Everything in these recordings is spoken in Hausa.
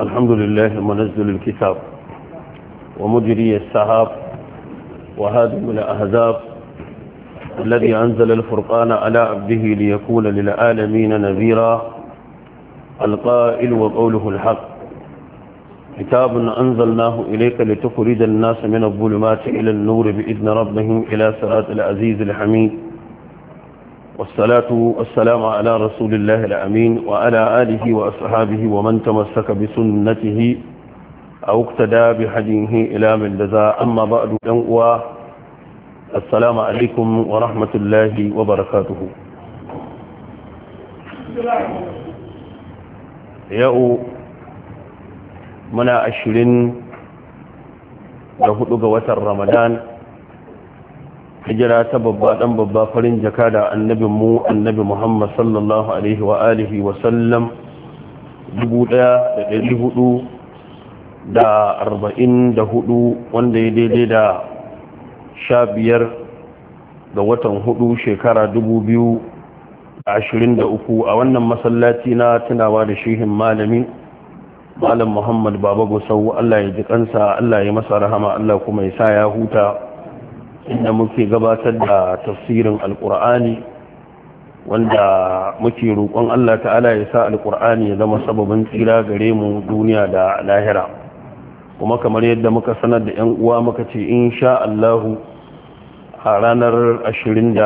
الحمد لله منزل الكتاب ومجري السحاب وهادم الأهزاب الذي أنزل الفرقان على عبده ليكون للعالمين نذيرا القائل وقوله الحق كتاب أنزلناه إليك لتخرج الناس من الظلمات إلى النور بإذن ربهم إلى صراط العزيز الحميد والصلاة والسلام على رسول الله الأمين وعلى آله وأصحابه ومن تمسك بسنته أو اقتدى بحديه إلى من لذا أما بعد ينقوى السلام عليكم ورحمة الله وبركاته yau muna ashirin da hudu ga watan ramadan hijira ta babba dan babba farin jaka da annabi mu annabi Muhammad sallallahu alaihi wa alihi wa sallam 1444 da wanda ya daidai da 15 ga watan hudu shekara 2023 a wannan masallaci na tunawa da shehin malami malam Muhammad Baba Gusau Allah ya ji kansa Allah ya masa rahama Allah kuma ya sa ya huta inda muke gabatar da tafsirin alkur'ani wanda muke roƙon Allah ta'ala ya sa alkur'ani ya zama sababin tsira gare mu duniya da lahira kuma kamar yadda muka sanar da 'yan uwa muka ce insha Allahu a ranar 26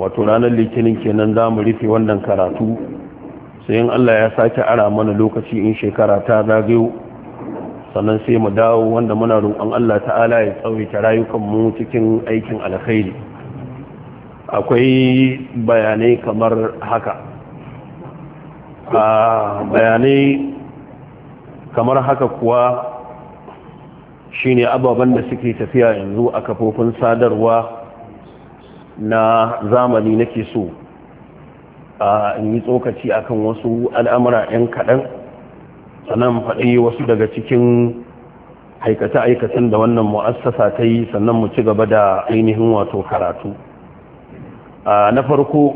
wato ranar litinin kenan za mu rufe wannan karatu sai in Allah ya sake ara mana lokaci in shekara ta zagayo sannan sai mu dawo wanda muna roƙon Allah ta'ala ya tsawaita rayukanmu cikin aikin alkhairi akwai bayanai kamar haka a bayanai kamar haka kuwa shine ababen da suke tafiya yanzu a kafofin sadarwa na zamani nake so a yi tsokaci akan wasu al'amura 'yan kaɗan sannan faɗi wasu daga cikin aikace-aikacen da wannan mu'assasa ta yi sannan mu ci gaba da ainihin wato karatu na farko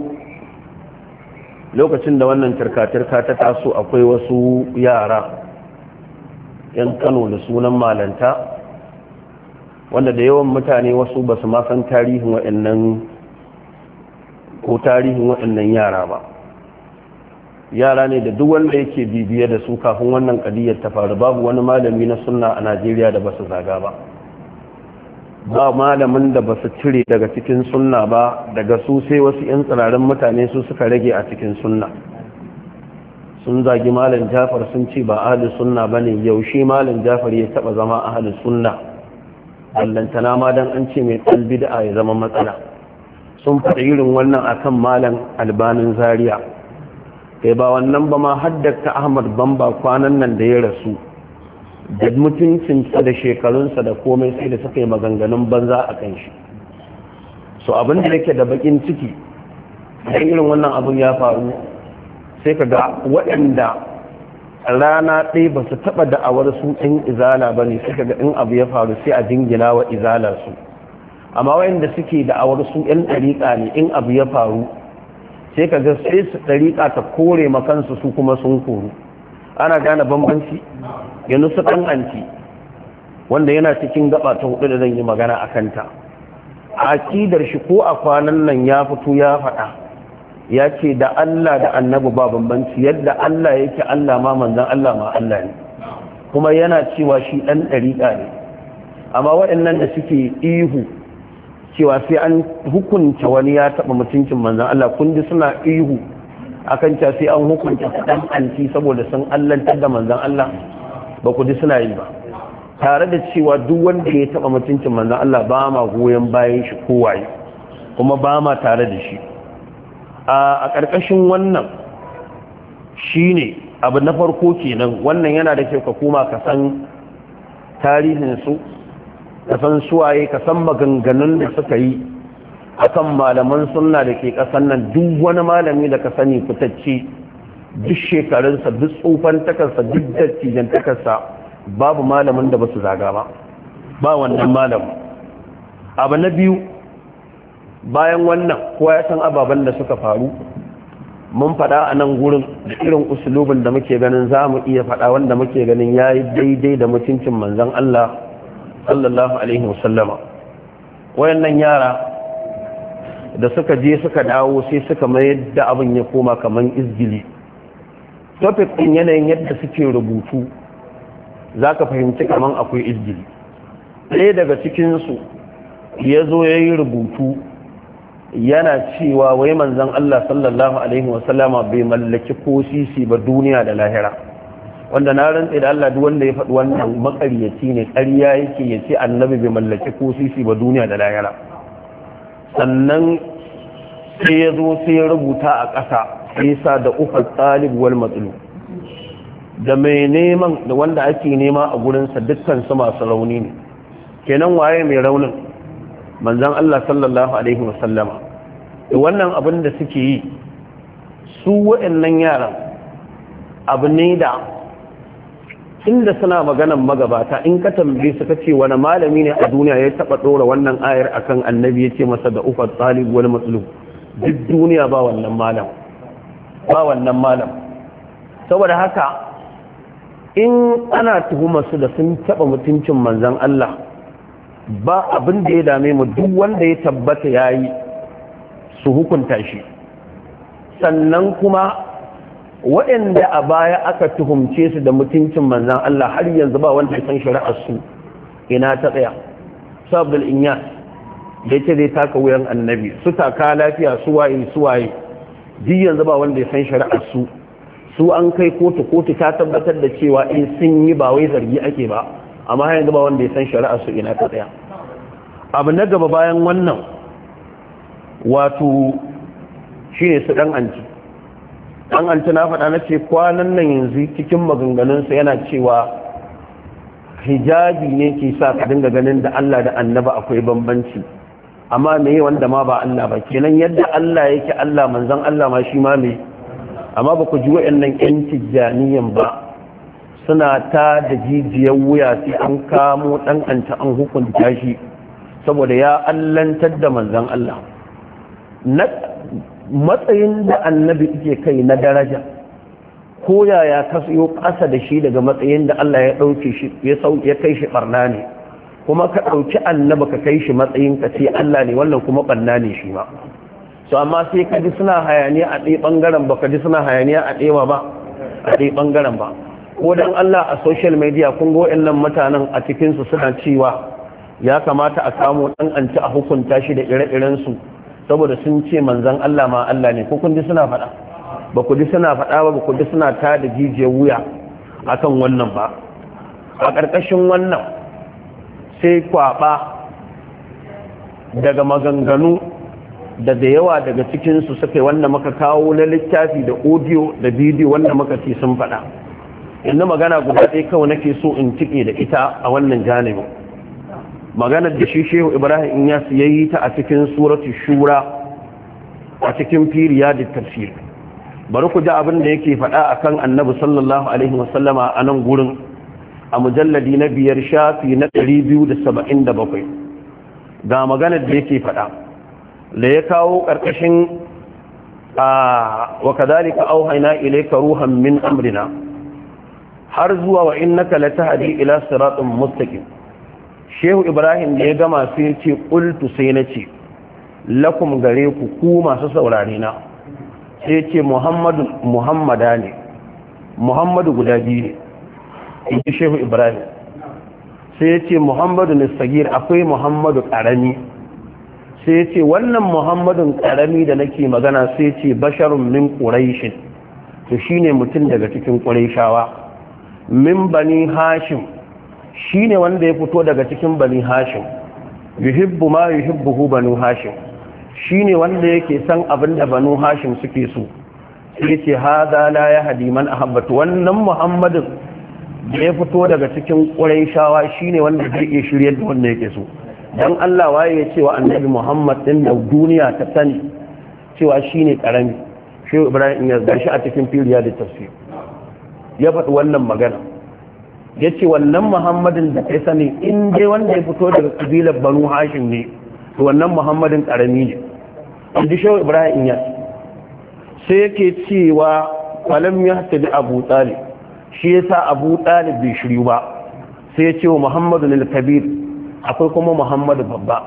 lokacin da wannan turka-turka ta taso akwai wasu yara 'yan kano da sunan malanta wanda da yawan mutane wasu ba su masan tarihin waɗannan ko tarihin waɗannan yara ba yara ne da duk wanda yake bibiye da su kafin wannan kadiyar ta faru babu wani malami na sunna a najeriya da basu zaga ba ba malamin da basu cire daga cikin sunna ba daga su sai wasu 'yan tsirarin mutane su suka rage a cikin sunna sun zagi malam jafar sun ce ba ahli sunna ba ne yaushe malam jafar ya taba zama ahli sunna allantana ma dan an ce mai ɗan bid'a ya zama matsala sun faɗi irin wannan akan malam albanin zaria kai ba wannan ba ma haddaka ahmad bamba kwanan nan da ya rasu da mutuncinsa da shekarunsa da komai sai da suka yi maganganun banza a kan shi so abin da yake da bakin ciki da irin wannan abin ya faru sai ka ga waɗanda rana ɗaya ba su taɓa da'awar su ɗin izala ba ne suka ga in abu ya faru sai a jingina wa izala su amma waɗanda suke da'awar su ɗin ɗariƙa ne in abu ya faru sai ka ga sai su ɗariƙa ta kore makansu su kuma sun koru ana gane bambanci ya su ɗan'anci wanda yana cikin gaba ta hudu da zan yi magana a kanta a akidar shi ko a kwanan nan ya fito ya faɗa ya ce da Allah da annabi ba bambanci yadda Allah yake Allah ma manzan Allah ma Allah ne kuma yana cewa shi ɗan ɗariƙa ne amma waɗannan da suke ihu cewa sai an hukunta wani ya taba mutuncin manzan Allah kun ji suna ihu akan cewa sai an hukunta ɗan anti saboda sun allantar da manzan Allah ba ku ji suna yi ba tare da cewa duk wanda ya taba mutuncin manzan Allah ba ma goyon bayan shi kowaye kuma ba ma tare da shi a ƙarƙashin wannan shine abu na farko kenan wannan yana da kyau ka koma ka san tarihin su. ka san suwaye ka san maganganun da suka yi a kan malaman suna da ke kasan nan duk wani malami da ka sani fitacce duk shekarunsa duk tsofan takarsa duk dattijan takarsa babu malamin da ba su zaga ba ba wannan malam. abu na biyu bayan wannan kowa ya san ababen da suka faru mun faɗa a nan gurin da irin usulubin da muke ganin za mu iya faɗa wanda muke ganin ya yi daidai da mutuncin manzan Allah sallallahu alaihi wasallama wayannan yara da suka je suka dawo sai suka mayar da abin ya koma kaman izgili topic ɗin yanayin yadda suke rubutu zaka fahimci kaman akwai izgili sai daga cikinsu ya zo ya yi rubutu yana cewa wai manzan Allah sallallahu alaihi wasallama bai mallaki ko sisi ba duniya da lahira wanda na rantse da Allah duk wanda ya faɗi wannan makaryaci ne ƙarya yake ya ce annabi bai mallaki ko sisi ba duniya da lahira sannan sai ya zo sai ya rubuta a ƙasa sai sa da uku talib wal matsalo da mai neman da wanda ake nema a gurinsa dukkan su masu rauni ne kenan waye mai raunin manzan Allah sallallahu alaihi wasallama da wannan abin da suke yi su waɗannan yaran abu ne da inda suna maganan magabata in ka tambaye su kace wani malami ne a duniya ya taba dora wannan ayar akan annabi yace masa da ufa talib wal matlub duk duniya ba wannan malam ba wannan malam saboda haka in ana tuhumar su da sun taba mutuncin manzon Allah ba abin da ya dame mu duk wanda ya tabbata yayi su hukunta shi sannan kuma waɗanda a baya aka tuhumce su da mutuncin manzan Allah har yanzu ba wanda ya san shari'ar su ina ta tsaya su inya da yake zai taka wuyan annabi su taka lafiya su waye su waye ji yanzu ba wanda ya san shari'ar su su an kai kotu kotu ta tabbatar da cewa in eh sun yi ba wai zargi ake ba amma har yanzu ba wanda ya san shari'ar su ina ta tsaya abu na gaba bayan wannan wato shine su dan anti dan na faɗa na ce kwanan nan yanzu cikin maganganunsa yana cewa hijabi ne ke sa ka dinga ganin da Allah da annaba akwai bambanci amma me wanda ma ba Allah ba kenan yadda Allah yake Allah manzon Allah ma shi ma me amma ba ku ji wayannan yan tijjaniyan ba suna ta da jijiyar wuya sai an kamo dan anta an hukunta shi saboda ya allantar da manzon Allah matsayin da annabi ke kai na daraja ko yaya ka siyo ƙasa da shi daga matsayin da Allah ya ɗauke shi ya kai shi ɓarna ne kuma ka ɗauki annaba ka kai shi matsayin ka ce Allah ne wannan kuma ɓarna ne shi ma to amma sai ka ji suna hayaniya a ɗai ɓangaren ba ka ji suna hayaniya a ɗewa ba a ɗai ɓangaren ba ko dan Allah a social media kun ga waɗannan mutanen a cikinsu suna cewa ya kamata a samu ɗan ci a hukunta shi da ire-irensu saboda sun ce manzan Allah ma Allah ne ko kun ji suna faɗa ba ku ji suna faɗa ba ba ku ji suna ta da jijiyar wuya akan wannan ba a ƙarƙashin wannan sai kwaɓa daga maganganu da da yawa daga cikinsu suka yi wanda maka kawo na littafi da audio da bidiyo wanda maka ce sun faɗa inda magana guda ɗaya kawai nake so in cike da ita a wannan janibi maganar da shi shehu ibrahim in ya yi ta a cikin suratu shura a cikin firiya da tafsir bari ku ji abin da yake faɗa a kan annabi sallallahu alaihi wasallama a nan gurin a mujalladi na biyar shafi na 277 ga maganar da yake faɗa da ya kawo ƙarƙashin a wakadalika auhaina ilaika ruhan min amrina har zuwa wa innaka hadi ila siratin mustaqim shehu ibrahim da ya gama sai ce ƙultu sai na ce lakum gare ku ku masu saurare na sai ce muhammadu muhammada ne muhammadu guda biyu ne inji shehu ibrahim sai ce muhammadu nisagir akwai muhammadu ƙarami sai ce wannan muhammadun ƙarami da nake magana sai ce basharun min ƙuraishin to shine mutum daga cikin ƙuraishawa min bani hashim Shi ne wanda ya fito daga cikin bani hashim yuhibbu ma yuhibbuhu banu hashim ne wanda yake san abin da banu hashim suke so yace hada la hadi man ahabbatu wannan muhammadin da ya fito daga cikin shawa shi ne wanda zai iya shirya da wanda yake so Don Allah waye ya cewa annabi muhammad din da duniya ta sani cewa shi ne ƙarami. shehu ibrahim ya gashi a cikin filiya da tafsir ya faɗi wannan magana ya ce wannan muhammadin da kai sani in dai wanda ya fito daga kabilar banu hashim ne Da wannan muhammadin karami ne in ji shawar ibrahim ya sai yake cewa kwalam ya da abu tsali shi ya sa abu tsali bai shiru ba sai ya ce wa muhammadu lil kabir akwai kuma muhammadu babba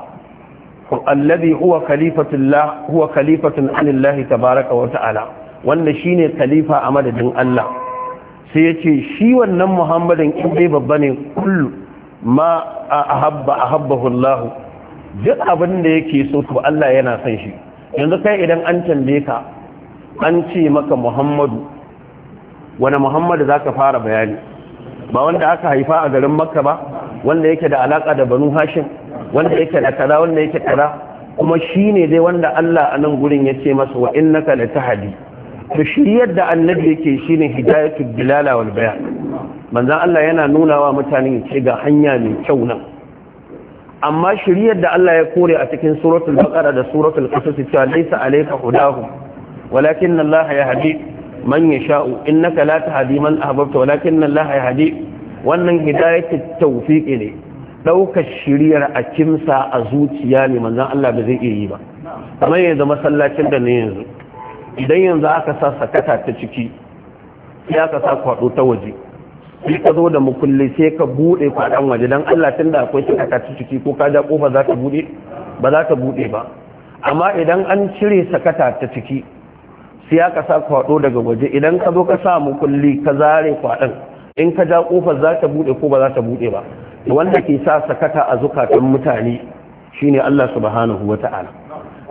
alladhi huwa khalifatullah huwa khalifatun anillahi tabaraka wa ta'ala wannan shine khalifa a madadin Allah sai ya ce shi wannan muhammadin in bai babba ne kullu ma a ahabba duk abin da yake so to Allah yana son shi yanzu kai idan an tambaye ka an ce maka muhammadu wani muhammadu za ka fara bayani ba wanda aka haifa a garin makka ba wanda yake da alaka da banu hashin wanda yake da kaza wanda yake kaza kuma shi ne dai wanda Allah a nan gurin ya ce masa wa innaka la tahdi to shiryar da annabi yake shine hidayatu bilala wal bayan manzon Allah yana nuna wa mutane ce ga hanya mai kyau nan amma shiryar da Allah ya kore a cikin suratul baqara da suratul qasas cewa laisa alayka hudahu walakin Allah yahdi man yasha'u innaka la tahdi man ahbabta walakin Allah yahdi wannan hidayatul tawfiqi ne daukar shiryar a kimsa a zuciya ne manzon Allah ba zai iya yi ba kamar yanzu masallacin da ne yanzu idan yanzu aka sa sakata ta ciki ya ka sa kwado ta waje sai ka zo da mukulli sai ka bude kwadon waje dan Allah tunda akwai sakata ta ciki ko ka ja kofa za ta bude ba za ta bude ba amma idan an cire sakata ta ciki sai ka sa kwado daga waje idan ka zo ka sa mukulli ka zare kwadon in ka ja kofa za ta bude ko ba za ta bude ba wanda ke sa sakata a zukatan mutane shine Allah subhanahu wata'ala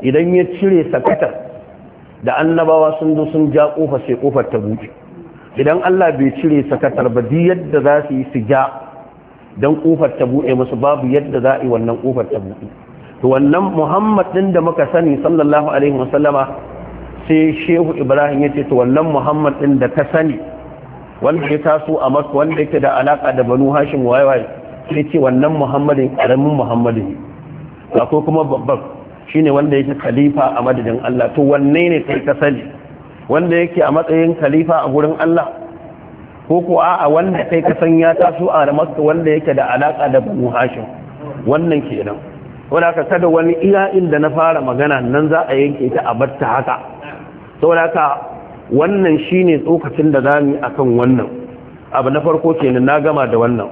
idan ya cire sakatar da annabawa sun zo sun ja kofa sai kofar ta buɗe idan Allah bai cire sakatar ba duk yadda za su yi su ja dan kofar ta buɗe musu babu yadda za a yi wannan kofar ta buɗe to wannan Muhammad din da muka sani sallallahu alaihi wasallama sai Shehu Ibrahim ya ce to wannan Muhammad din da ka sani wanda ya taso a Makka wanda yake da alaka da Banu Hashim waye waye sai ce wannan Muhammadin karamin Muhammadin akwai kuma babban shine wanda yake khalifa a madadin Allah to wanne ne kai ka sani wanda yake a matsayin khalifa a gurin Allah ko ko a wanda kai ka san ya taso a Damascus wanda yake da alaka da Banu Hashim wannan kenan wanda ka kada wani iya inda na fara magana nan za a yanke ta a batta haka saboda ka wannan shine tsokacin da zamu akan wannan abu na farko kenan na gama da wannan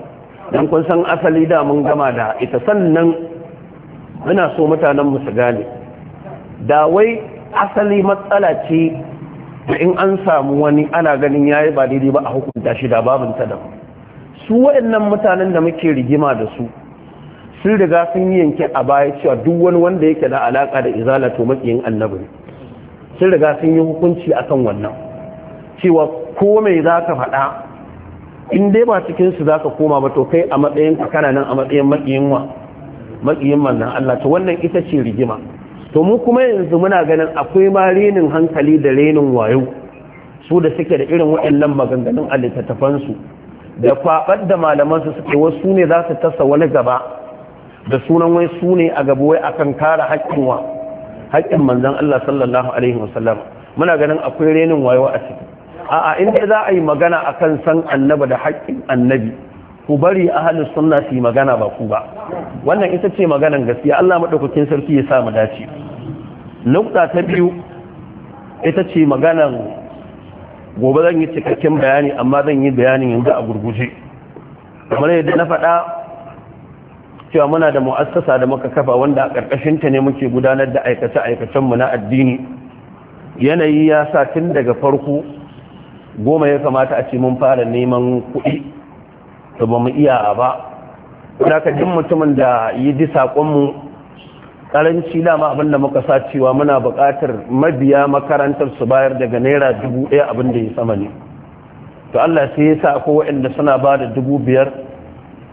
dan kun san asali da mun gama da ita sannan muna so mutanen mu su gane da wai asali matsala ce da in an samu wani ana ganin yayi ba daidai ba a hukunta shi da babin ta da su waɗannan mutanen da muke rigima da su sun riga sun yi yanke a baya cewa duk wani wanda yake da alaka da izalatu to makiyin annabi sun riga sun yi hukunci akan wannan cewa ko mai za ka faɗa in dai ba cikinsu za ka koma ba to kai a matsayin kana nan a matsayin makiyin wa maƙiyin manzan Allah ta wannan ita ce rigima to mu kuma yanzu muna ganin akwai ma renin hankali da renin wayo su da suke da irin waɗannan maganganun a littattafansu da kwaɓar da malamansu suke wasu ne za su tasa wani gaba da sunan wai su ne a gaba wai akan kare haƙƙin wa haƙƙin manzan Allah sallallahu alaihi wasallam muna ganin akwai renin wayo a ciki a'a inda za a yi magana akan san annaba da haƙƙin annabi ku bari ahalus sunna su yi magana ba ku ba wannan ita ce maganan gaskiya Allah maɗaukakin sarki ya sa mu dace nukta ta biyu ita ce maganan gobe zan yi cikakken bayani amma zan yi bayanin yanzu a gurguje kamar yadda na faɗa cewa muna da mu'assasa da muka kafa wanda a ƙarƙashin ta ne muke gudanar da aikace aikacen mu na addini yanayi ya sa tun daga farko goma ya kamata a ce mun fara neman kuɗi to ba mu iya ba da ka jin mutumin da yi ji saƙonmu ƙaranci dama abinda muka sa cewa muna buƙatar mabiya makarantar su bayar daga naira dubu ɗaya abin da ya sama ne to allah sai ya sa ko waɗanda suna ba da dubu biyar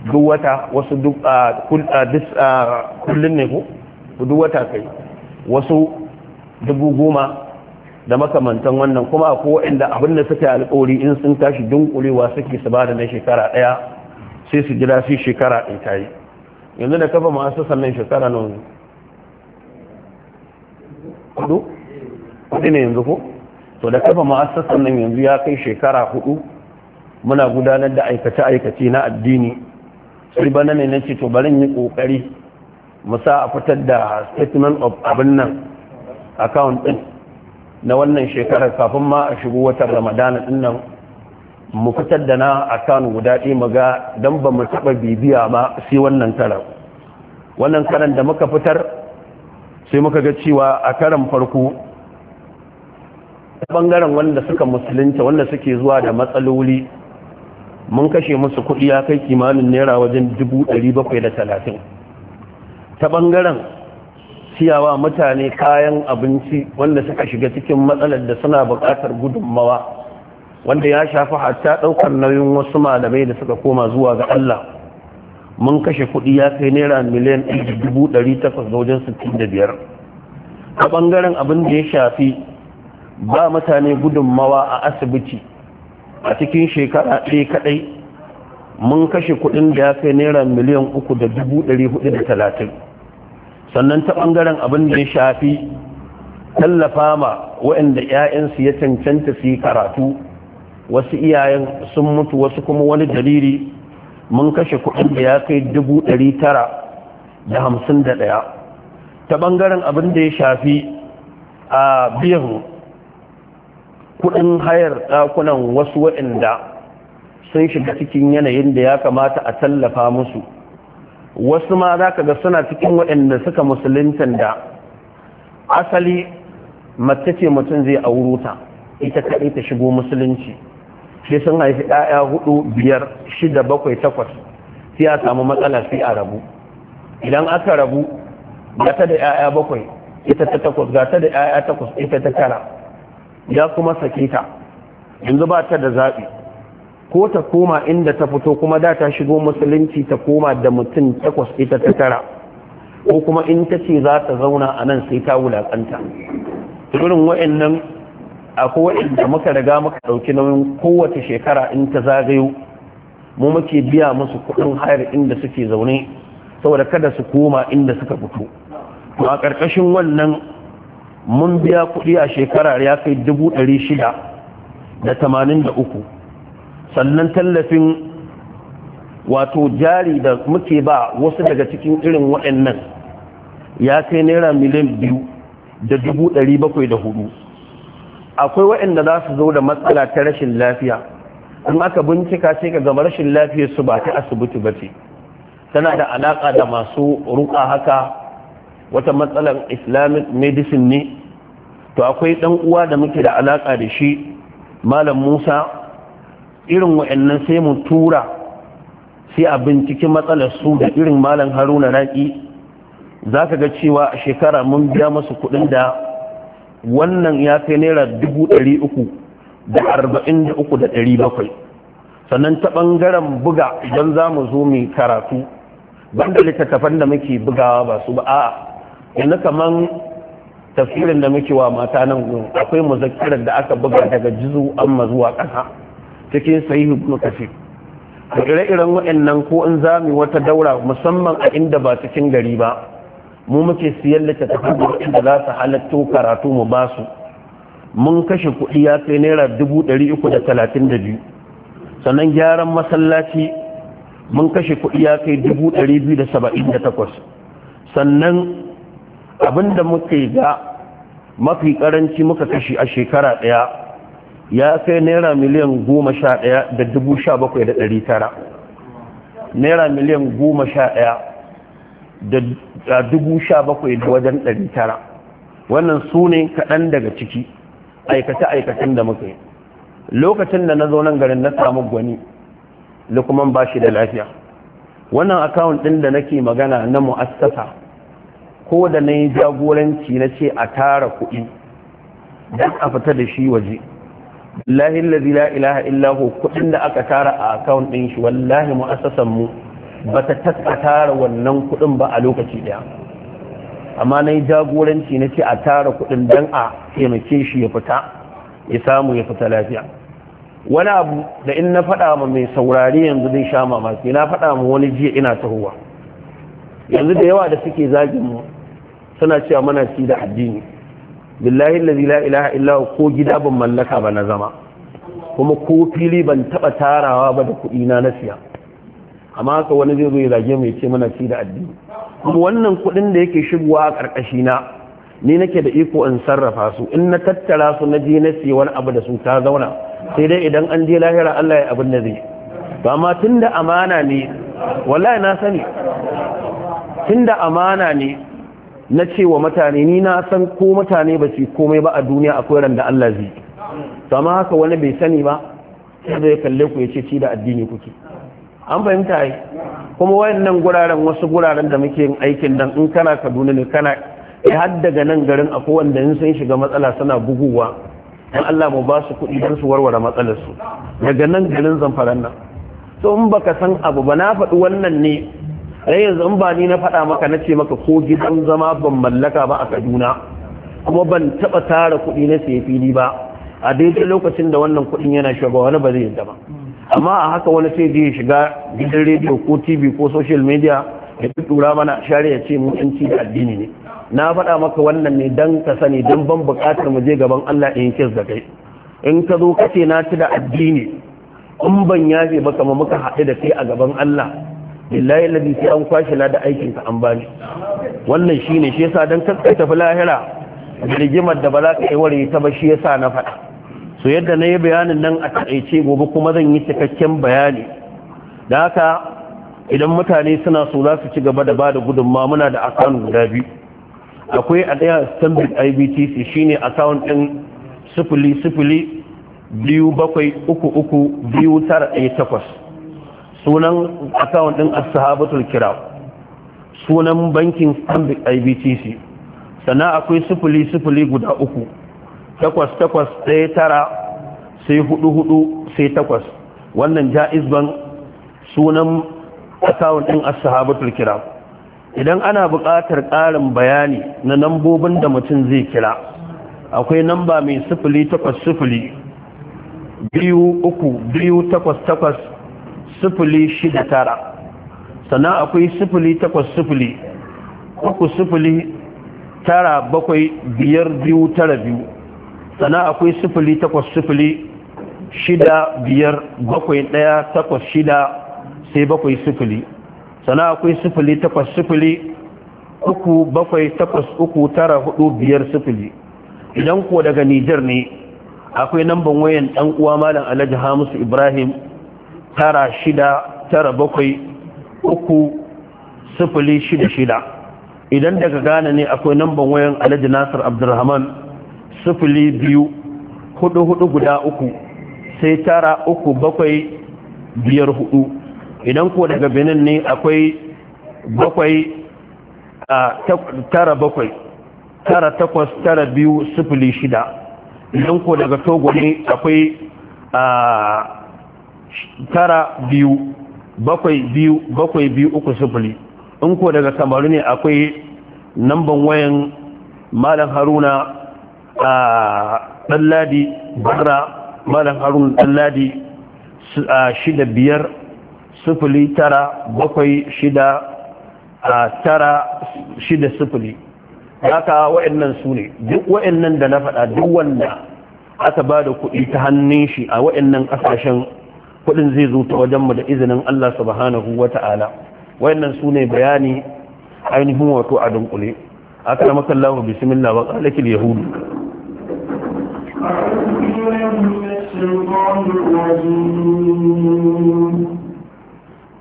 duk wata wasu duk a kullum ne ko duk wata kai wasu dubu goma da makamantan wannan kuma akwai inda abin da suke alƙawari in sun tashi dunkulewa suke su ba da na shekara ɗaya sai su jira sai shekara ɗin ta yi yanzu da kafa masu sannan shekara nan hudu hudu ne yanzu ko to da kafa masu sannan yanzu ya kai shekara hudu muna gudanar da aikace-aikace na addini sai bana ne na ce to barin yi ƙoƙari musa a fitar da statement of abin nan account ɗin na wannan shekarar kafin ma a shigo watan ramadana dinnan mu fitar da na a kanu guda ɗaya mu ga don ba mu taɓa bibiya ba sai wannan karan wannan karan da muka fitar sai muka ga cewa a karan farko bangaren wanda suka musulunta wanda suke zuwa da matsaloli mun kashe musu kuɗi ya kai kimanin naira wajen dubu ɗari bakwai da talatin ta bangaren Siya wa mutane kayan abinci wanda suka shiga cikin matsalar da suna buƙatar gudunmawa wanda ya shafi hatta ɗaukar nauyin wasu malamai da suka koma zuwa ga Allah mun kashe kuɗi ya kai naira miliyan 1,865 a ɓangaren abin da ya shafi ba mutane gudunmawa a asibiti a cikin shekara ɗaya kaɗai mun kashe kuɗin da ya kai naira miliyan 3,430 sannan ta ɓangaren abin da ya shafi tallafa ma waɗanda 'ya'yansu ya cancanta su yi karatu wasu iyayen sun mutu wasu kuma wani dalili mun kashe kuɗin da ya kai dubu ɗari tara da hamsin da ɗaya ta ɓangaren abin da ya shafi a biyan kuɗin hayar ɗakunan wasu waɗanda sun shiga cikin yanayin da ya kamata a tallafa musu wasu ma za ka ga suna cikin waɗanda suka musuluntan da asali mace ce mutum zai auruta ita kaɗai ta shigo musulunci sai sun haifi ɗaya hudu biyar shida bakwai takwas sai a samu matsala sai a rabu idan aka rabu gata da ƴaƴa bakwai ita ta takwas gata da ƴaƴa takwas ita ta tara ya kuma sake ta yanzu ba ta da zaɓi ko ta koma inda ta fito kuma da ta shigo musulunci ta koma da mutum takwas ita ta tara ko kuma in ta ce za ta zauna a nan sai ta wulaƙanta irin wa'annan akwai wa'anda muka riga muka ɗauki nauyin kowace shekara in ta zagayo mu muke biya musu kuɗin hayar inda suke zaune saboda kada su koma inda suka fito a ƙarƙashin wannan mun biya kuɗi a shekara ya kai dubu ɗari shida da tamanin da uku sannan tallafin wato jari da muke ba wasu daga cikin irin waɗannan ya kai naira miliyan biyu da dubu ɗari bakwai da hudu akwai waɗanda za su zo da matsala ta rashin lafiya in aka bincika ce ka gama rashin lafiya su ba ta asibiti ba ce tana da alaƙa da masu ruka haka wata matsalar islamic medicine ne to akwai ɗan uwa da muke da alaƙa da shi malam musa irin wa'annan sai mu tura sai a binciki matsalar su da irin malam haruna naki za ka ga cewa a shekara mun biya masu kudin da wannan ya kai naira dubu ɗari uku da arba'in da uku ɗari bakwai sannan ta bangaren buga idan za mu zo mai karatu banda littattafan da muke bugawa ba su ba a'a yana kaman tafsirin da muke wa mata nan akwai muzakkirar da aka buga daga jizu amma zuwa ƙasa cikin sahihu ibn kasir da ire-iren waɗannan ko in za mu wata daura musamman a inda ba cikin gari ba mu muke siyan ta da inda za su halatto karatu mu ba su mun kashe kuɗi ya kai naira dubu ɗari uku da talatin da biyu sannan gyaran masallaci mun kashe kuɗi ya kai dubu ɗari biyu da saba'in da takwas sannan abinda muke ga mafi karanci muka kashi a shekara ɗaya ya kai naira miliyan goma sha ɗaya da dubu sha bakwai da ɗari tara naira miliyan goma sha ɗaya da dubu sha bakwai da wajen ɗari tara wannan su ne kaɗan daga ciki aikace aikacin da muka yi lokacin da na zo nan garin na samu gwani lukman ba shi da lafiya wannan akawun ɗin da nake magana na mu'assasa ko da na yi jagoranci na ce a tara kuɗi don a fita da shi waje Lahi Lazi la ilaha illahu kudin da aka tara a akawun ɗin shi wallahi mu'assasan mu bata taska tara wannan kudin ba a lokaci ɗaya. amma na yi jagoranci na ce a tara kudin don a taimake shi ya fita ya samu ya fita lafiya wani abu da in na faɗa ma mai saurari yanzu zai sha mamaki na faɗa ma wani jiya ina tahowa yanzu da yawa da suke zagin mu suna cewa mana ci da addini billahi allazi la ilaha illa ko gida ban mallaka ba na zama kuma ko fili ban taba tarawa ba da kuɗi na nasiya siya amma haka wani zai zo ya zage mai ce mana ci da addini kuma wannan kuɗin da yake shigowa a ƙarƙashina na ni nake da iko in sarrafa su in na tattara su na je na siya wani abu da su ta zauna sai dai idan an je lahira Allah ya abin da zai ba ma tunda amana ne wallahi na sani tunda amana ne na cewa mutane ni na san ko mutane ba su komai ba a duniya akwai ran da Allah zai sama haka wani bai sani ba sai zai kalle ku ya ce ci da addini kuke an fahimta ai kuma wayannan guraren wasu guraren da muke yin aikin dan in kana Kaduna ne kana eh har daga nan garin akwai wanda in sun shiga matsala suna buguwa dan Allah mu ba su kuɗi dan su warware matsalar su daga nan garin zamfaran nan to in baka san abu ba na faɗi wannan ne rai yanzu in ba ni na faɗa maka na ce maka ko gidan zama ban mallaka ba a kaduna kuma ban taɓa tara kuɗi na siya fili ba a daidai lokacin da wannan kuɗin yana shiga wani ba zai yadda ba amma a haka wani sai zai shiga gidan rediyo ko tv ko social media ya tura mana share ya ce mutunci da addini ne na faɗa maka wannan ne dan ka sani dan ban buƙatar mu je gaban Allah in kis da kai in ka zo ka ce na ci da addini in ban yafe ba kamar muka haɗu da kai a gaban Allah billahi ladhi sai an kwashe na da aikin ka an bani wannan shine shi yasa dan kaskaita tafi lahira rigimar da ba za ka yi ware ta ba shi yasa na faɗa so yadda na yi bayanin nan a taƙaice gobe kuma zan yi cikakken bayani da haka idan mutane suna so za su ci gaba da ba da gudunma muna da akan guda biyu akwai a ɗaya stanbic ibtc shine akawun ɗin sifili sifili biyu bakwai uku uku biyu tara ɗaya takwas sunan account din ashabatul kiram sunan bankin stanbic ibtc sana akwai sifili sufuli guda uku takwas takwas ɗaya tara sai hudu hudu sai takwas wannan ja'iz ban sunan account din ashabatul kiram idan ana buƙatar ƙarin bayani na nambobin da mutum zai kira akwai namba mai sifili takwas sifili biyu uku biyu takwas takwas sifili shida tara sannan akwai sifili takwas sifili uku sifili tara bakwai biyar biyu tara biyu sannan akwai sifili takwas sifili shida biyar bakwai ɗaya takwas shida sai bakwai sifili sannan akwai sifili takwas sifili uku bakwai takwas uku tara hudu biyar sifili idan kuwa daga nijar ne akwai namban wayan ɗan uwa malam alhaji hamisu ibrahim tara shida tara bakwai uku sifili shida shida idan daga gane ne akwai namban wayan alhaji nasir abdulrahman sifili biyu hudu hudu guda uku sai tara uku bakwai biyar hudu idan ko daga benin ne akwai bakwai a tara bakwai tara takwas tara biyu sifili shida idan ko daga togo ne akwai a tara biyu bakwai biyu bakwai biyu uku sufuli in ko daga samaru ne akwai namban wayan malam haruna a ɗanladi barra malam haruna ɗanladi a shida biyar sufuli tara bakwai shida a tara shida sufuli haka wa'annan su ne duk wa'annan da na faɗa duk wanda aka ba da kuɗi ta hannun shi a wa'annan ƙasashen kudin zai zo ta wajen mu da izinin Allah subhanahu wata'ala wayannan sune bayani ainihin wato a dunkule aka da makallahu bismillah wa ƙalakil yahudu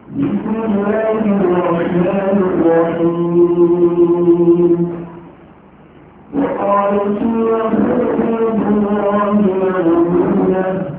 بسم الله الرحمن الرحيم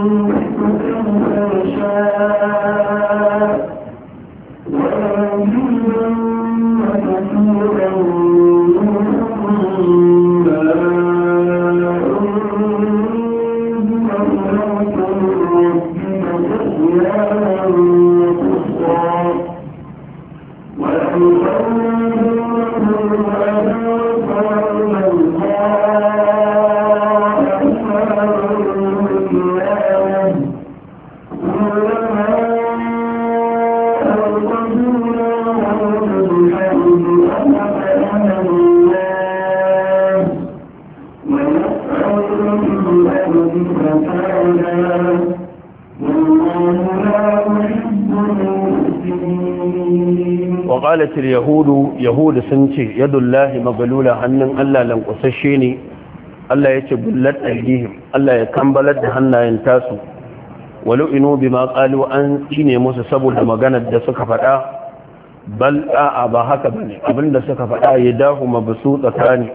qalatil yahudu yahudu sun ce yadullahi magalula hannun Allah lankwasashe ne Allah yace bullat aydihim Allah ya kambalar da hannayen tasu walau inu bima qalu an ne musu saboda maganar da suka faɗa bal a'a ba haka bane abinda suka faɗa ya dahu mabsu tsakani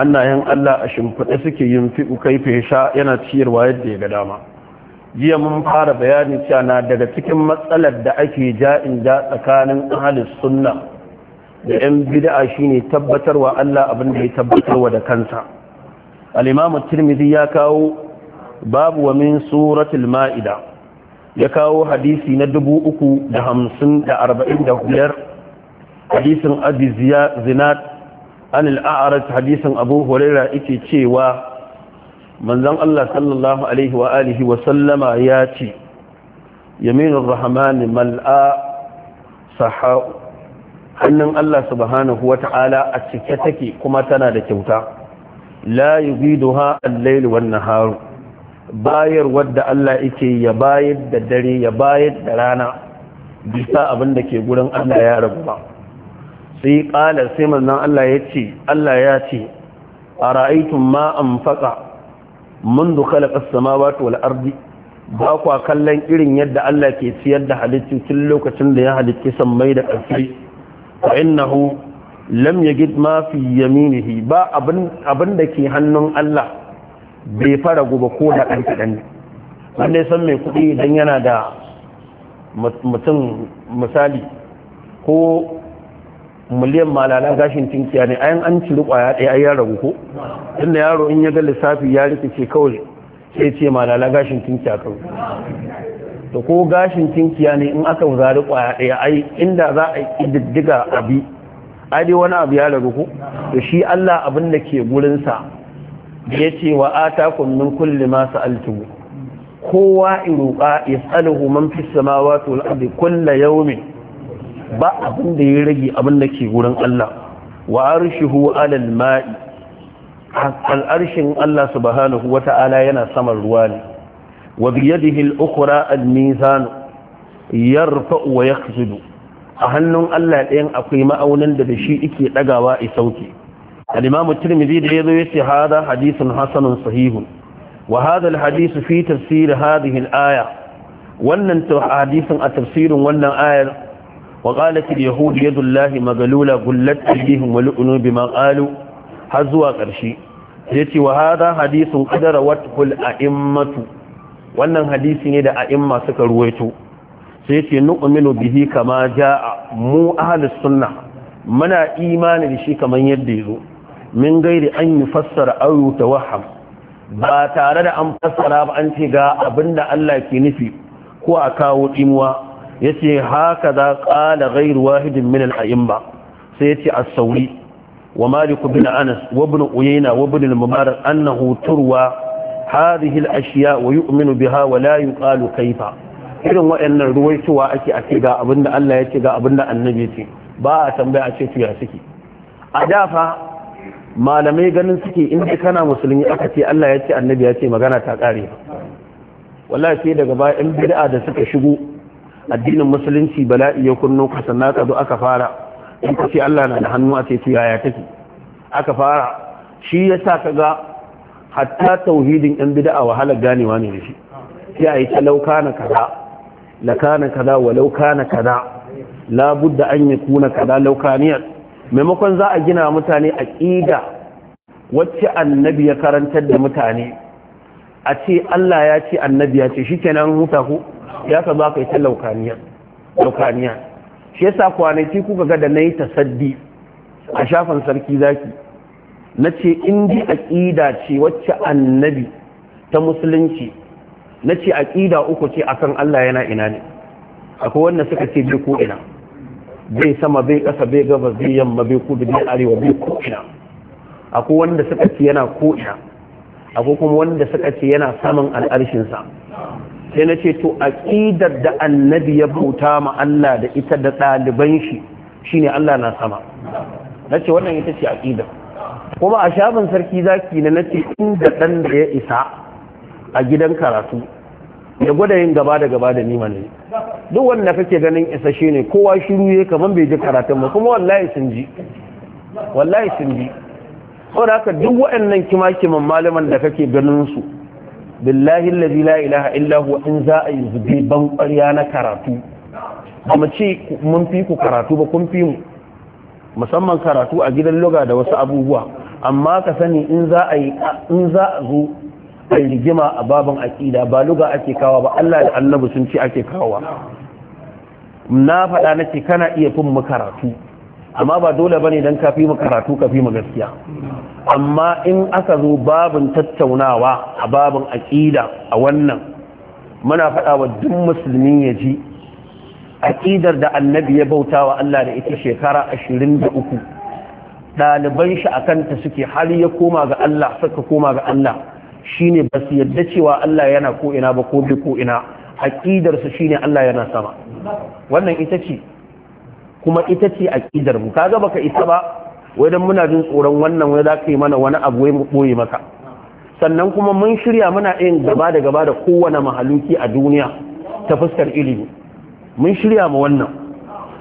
hannayen Allah a shimfide suke yin fi'u kaife sha yana ciyarwa yadda ya ga dama jiya mun fara bayani cewa daga cikin matsalar da ake ja'in ja tsakanin ahlus sunna da yan bid'a shine tabbatarwa Allah abin da ya tabbatarwa da kansa al-imam at-tirmidhi ya kawo babu wa min suratul ma'ida ya kawo hadisi na 3,545 hadisin abi zinat an al-a'raj hadisin abu hurairah yake cewa manzon Allah sallallahu alaihi wa alihi wa sallama ya ce yaminur rahmani mal'a saha hannun Allah subhanahu wata'ala a cike take kuma tana da kyauta la yubiduha al-layl wannan haru. bayar wadda Allah yake ya bayar da dare ya bayar da rana bisa abin da ke gurin Allah ya rabu ba sai kala sai manzon Allah ya ce Allah ya ce a ra'aitun ma anfaqa منذ خلق السماوات والأرض ba kwa kallon irin yadda Allah ke ciyar da halittu tun lokacin da ya halitti sammai da ƙarfi wa innahu lam yajid ma fi yaminihi ba abin da ke hannun Allah bai fara gobe ko da ɗan kaɗan wanda ya san mai kuɗi idan yana da mutum misali ko miliyan malalan gashin tinkiya ne ayan an ciri kwaya ɗaya ya ragu ko inda yaro in ya ga lissafi ya rikice kawai sai ce malala gashin tinkiya kawai da ko gashin tinkiya ne in aka zari kwaya ɗaya ai inda za a ƙididdiga abi ai dai wani abu ya ragu ko to shi Allah abin da ke gurinsa ya ce wa atakum min kulli ma sa'altum kowa in roƙa yas'aluhu man fis samawati wal ardi kullu yawmin ba abin da ya rage abin da ke wurin Allah wa arshihu alal ma'i al'arshin Allah subhanahu wata'ala yana saman ruwa ne wa biyadihi al-ukhra al-mizan yarfa'u wa a hannun Allah ɗayan akwai ma'aunin da da shi yake dagawa a sauke al-imamu tirmidhi da yazo yace hada hadithun hasanun sahihun wa hada al-hadith fi tafsir hadhihi al-aya wannan hadisin a tafsirin wannan ayar وقالت اليهود يد الله مغلولة قلت har ولؤنوا بما قالوا هزوا قرشي يتي وهذا حديث قد روته الأئمة wannan hadisi ne da a'imma suka ruwaito sai ce nu'minu bihi kama jaa mu ahlus sunna muna imani da shi kaman yadda yazo min gairi an yufassara aw yutawahham ba tare da an fassara ba an ce ga abinda Allah ke nufi ko a kawo ɗimuwa. yace haka za qala ghayr wahidin min al-a'imma sai yace as-sauri wa malik bin anas wa ibn uyayna wa ibn al-mubarak annahu turwa hadhihi al-ashya wa yu'minu biha wa la yuqalu kayfa irin waɗannan ruwaitowa ake ake ga abinda Allah ya ce ga abinda annabi ya ce ba a tambaya a ce tuya suke a dafa malamai ganin suke in kana musulmi aka ce Allah ya ce annabi ya ce magana ta kare wallahi sai daga bayan in bid'a da suka shigo addinin musulunci bala'i ya kunno ka sannan aka fara in ka ce Allah na da hannu a ce yaya take aka fara shi yasa ga. hatta tauhidin yan bid'a wahala ganewa ne da shi sai ayi talauka na kaza la kana kaza walau kana kaza la budda an kuna kaza laukaniyat maimakon za a gina mutane aqida wacce annabi ya karantar da mutane a ce Allah ya ce annabi ya ce kenan huta ko. ya ka za ka yi ta laukaniya shi yasa kwanaki kuka ga da na yi tasaddi a shafin sarki zaki na ce in ji aƙida ce wacce annabi ta musulunci na ce aƙida uku ce akan Allah yana ina ne akwai wanda suka ce bai ko ina bai sama bai ƙasa bai gabas bai yamma bai kudu bai arewa bai ko ina akwai wanda suka ce yana ko ina akwai kuma wanda suka ce yana saman al'arshinsa sai na ce to aqidar da annabi ya bauta ma Allah da ita da ɗaliban shi shine Allah na sama na ce wannan ita ce aqidar kuma a shafin sarki zaki na na ce inda ɗan da ya isa a gidan karatu ya gwada yin gaba da gaba da nima ne duk wanda kake ganin isashe ne kowa shiru ya kaman bai ji karatun ba kuma wallahi sun ji wallahi sun ji saboda haka duk waɗannan kimakiman malaman da kake ganin su billahi allazi la ilaha illa in za a yi zube ban ƙwarya na karatu kuma ce mun fi ku karatu ba kun fi mu musamman karatu a gidan loga da wasu abubuwa amma ka sani in za a yi in za a zo a rigima a baban aƙida ba luga ake kawa ba Allah da annabi sun ce ake kawa na faɗa nake kana iya fin mu karatu amma ba dole bane dan ka fi mu karatu ka fi mu gaskiya amma in aka zo babin tattaunawa a babin aƙida a wannan muna faɗa wa duk musulmi ya ji aƙidar da annabi ya bauta wa Allah da ita shekara ashirin da ɗaliban shi a kanta suke har ya koma ga Allah suka koma ga Allah shine ba su yadda cewa Allah yana ko ina ba ko bi ko ina aƙidarsu shine Allah yana sama wannan ita ce kuma ita ce ƙidar mu ka kaga baka isa ba wai dan muna jin tsoron wannan wai ka yi mana wani abu wai mu boye maka sannan kuma mun shirya muna yin gaba da gaba da kowane mahaluki a duniya ta fuskar ilimi mun shirya ma wannan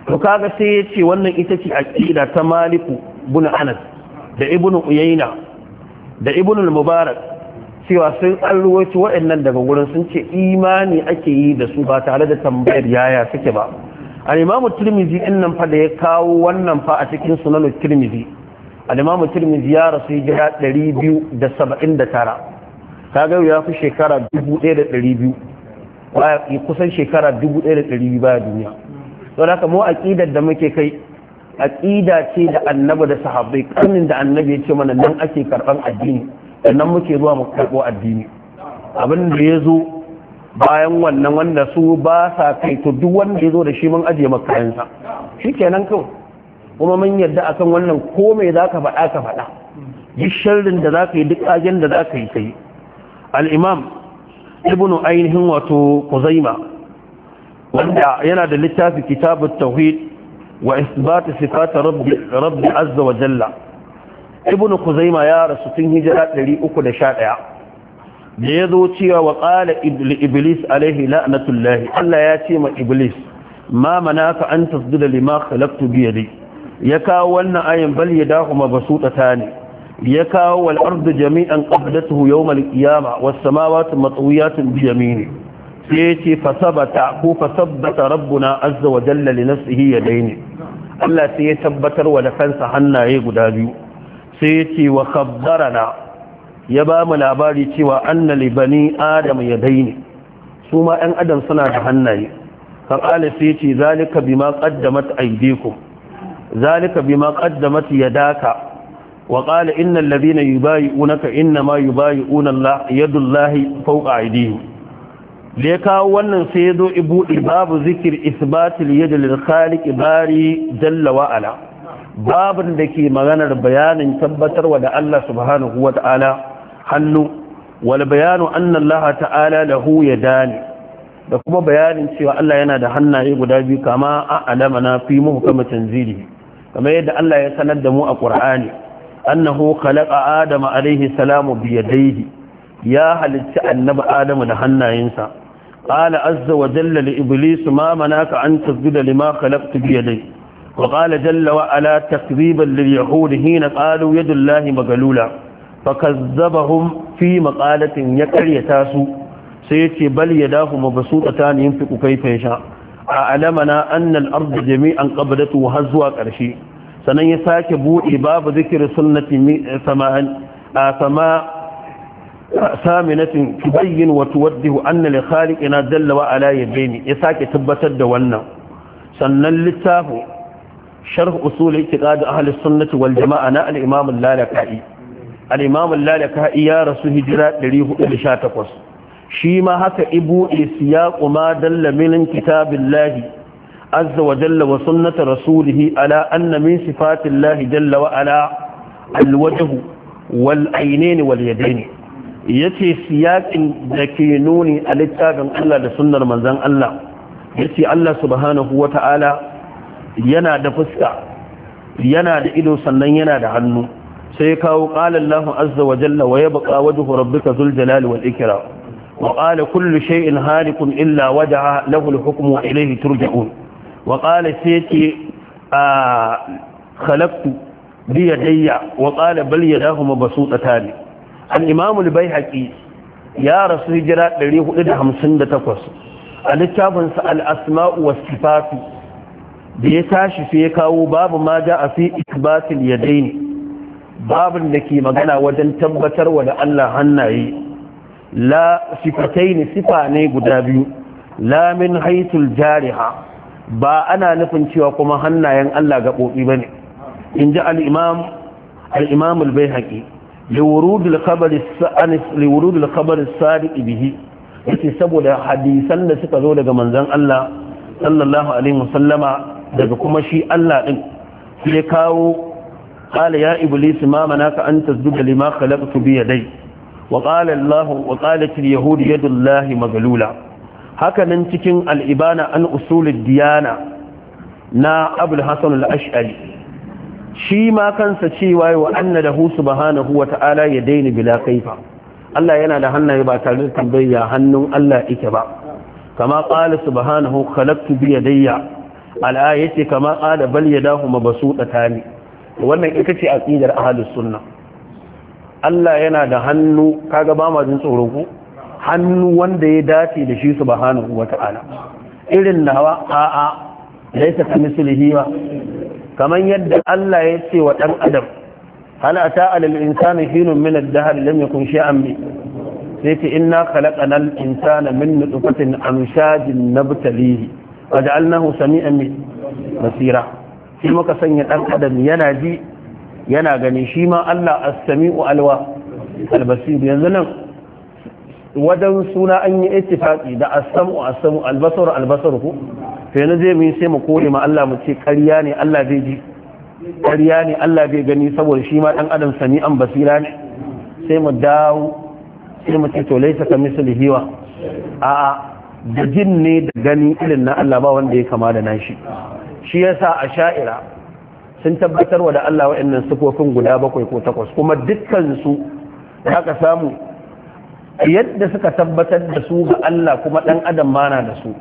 to kaga sai ya ce wannan ita ce aqida ta maliku Buna anas da ibnu uyayna da ibn mubarak cewa sun an waɗannan daga wurin sun ce imani ake yi da su ba tare da tambayar yaya suke ba al-imamu tirmizi nan fa da ya kawo wannan fa a cikin sunan tirmizi al-imamu tirmizi ya rasu hijira 279 kaga ya fi shekara 1200 kusan shekara 1200 baya duniya da haka mu aqidar da muke kai aqida ce da annabi da sahabbai karnin da annabi ya ce mana nan ake karban addini nan muke zuwa mu karbo addini abin da ya zo bayan wannan wanda su ba sa kai to duk wanda ya zo da shi mun ajiye maka kayansa shikenan kawai kuma mun yarda akan wannan ko me zaka faɗa ka faɗa duk sharrin da zaka yi duk ajen da zaka yi kai al-imam ibnu ainihin wato kuzaima wanda yana da littafi kitabun tauhid wa isbatu sifata rabbi azza wa jalla ibn kuzaima ya rasu tun hijira 311 da ya zo cewa wa ƙala iblis alaihi la'anatullahi Allah ya ce ma iblis ma ka an da lima khalaqtu biyadi ya kawo wannan ayin bal yadahu ne ya kawo wal ardu jami'an qabdatuhu yawm al qiyamah was samawati matwiyatun bi yamini sai ya ce fasabata ko fasabbata rabbuna azza wa jalla li nafsihi yadaini Allah sai ya tabbatar wa da kansa hannaye guda biyu sai ya ce wa khabbarana ya ba mu labari cewa anna li Adam ya yadaini su ma ɗan adam suna da hannaye kan ala sai ce zalika bima qaddamat aydikum zalika bima qaddamat yadaka wa qala innal ladhina yubayi'unaka inma yubayi'una Allah yadullahi fawqa aydihim da ya kawo wannan sai ya zo ibuɗi babu zikir isbatil yadda lirkhalik bari jalla wa'ala babin da ke maganar bayanin tabbatarwa da Allah subhanahu wa ta'ala hannu wal bayanu anna Allah ta'ala lahu yadani da kuma bayanin cewa Allah yana da hannaye guda biyu kama a alama na fi muhkam tanzili kamar yadda Allah ya sanar da mu a Qur'ani annahu khalaqa adama alaihi salamu bi yadayhi ya halitta annabi adamu da hannayensa qala azza wa jalla li iblis ma manaka an tasjuda lima khalaqtu bi yadayhi وقال جل وعلا تقريبا لليهود حين قالوا يد الله مغلوله fakazzabahum fi maqalatin ya karyata su sai yace bal yadahu mabsuutatan yunfiqu kayfa yasha a alamana anna al-ard jami'an qabdatu har zuwa karshe sanan ya sake bude babu zikir sunnati sama'an a sama saminatin tubayyin wa tuwaddihu anna li khaliqina jalla wa ala yadaini ya sake tabbatar da wannan sannan littafi sharh usul i'tiqad ahli sunnati wal jama'a na al-imam al-lalaka'i al'imamun lalaka iya rasu hijira 418 shi ma haka ibu ya kuma dallaminin kitabin lahi azza wa jalla wa sunnata rasulihi ala anna sifatin lahi jalla wa ala alwajahu wal ainihin wal ya ce siyaƙin da ke nuni a littafin Allah da sunnar manzan Allah ya ce Allah subhanahu wa ta'ala yana da fuska yana da ido sannan yana da hannu sai kawo ƙalar Allahu azza wa jalla wa yabqa wajhu rabbika zul jalali wal ikram wa qala kullu shaiin halikun illa wajha a al hukmu wa ilayhi turja'un wa qala sayti a khalaqtu bi yadayya wa qala bal yadahu mabsuutatan al imam al baihaqi ya rasu hijira 458 a littafinsa al asma'u was sifatu da ya tashi sai ya kawo babu ma ja a fi ya daina. babin da ke magana wajen tabbatar wa da Allah hannaye la sifatai ne sifa ne guda biyu la min haitul jariha ba ana nufin cewa kuma hannayen Allah gaɓoɓi ba ne in ji al'imam al'imam albai haƙi da kabar sadi ibihi ce saboda hadisan da suka zo daga manzan Allah sallallahu alaihi wasallama daga kuma shi Allah ɗin sai kawo قال يا إبليس ما مناك أن تسجد لما خلقت بيدي وقال الله وقالت اليهود يد الله مغلولة هكذا ننتكن الإبانة عن أصول الديانة نا أبو الحسن الأشعري shi ma kansa cewa wa dahu lahu subhanahu wa ta'ala ya daina bila kaifa Allah yana da hannaye ba tare da tambayya hannun Allah yake ba kama qala subhanahu khalaqtu bi yadayya al-ayati kama qala bal wannan ita ce aqidar ahlus sunna Allah yana da hannu kaga ba ma jin tsoro ko hannu wanda ya dace da shi subhanahu wata'ala irin nawa a'a laysa kamithlihi ba Kamar yadda Allah ya ce wa dan adam hal ata alal insani hinun min ad-dahr lam yakun shay'an bi sai ce inna khalaqanal insana min nutfatin amshajin nabtalihi waja'alnahu sami'an basira Shi muka sanya ɗan adam yana ji yana gani shi ma Allah as-sami'u alwa al-basir yanzu nan wajen suna an yi ittifaqi da as-sam'u as-sam'u al-basar al-basar ku to yanzu zai mun sai mu kore ma Allah mu ce ƙarya ne Allah zai ji ƙarya ne Allah zai gani saboda shi ma ɗan adam sami'an basira ne sai mu dawo sai mu ce to laysa kamislihi wa a'a da jin ne da gani irin na Allah ba wanda ya kama da nashi shi yasa a sha'ira sun tabbatar wa da Allah wa'annan sifofin guda bakwai ko takwas kuma dukkansu za ka samu yadda suka tabbatar da su ga Allah kuma ɗan adam mana da su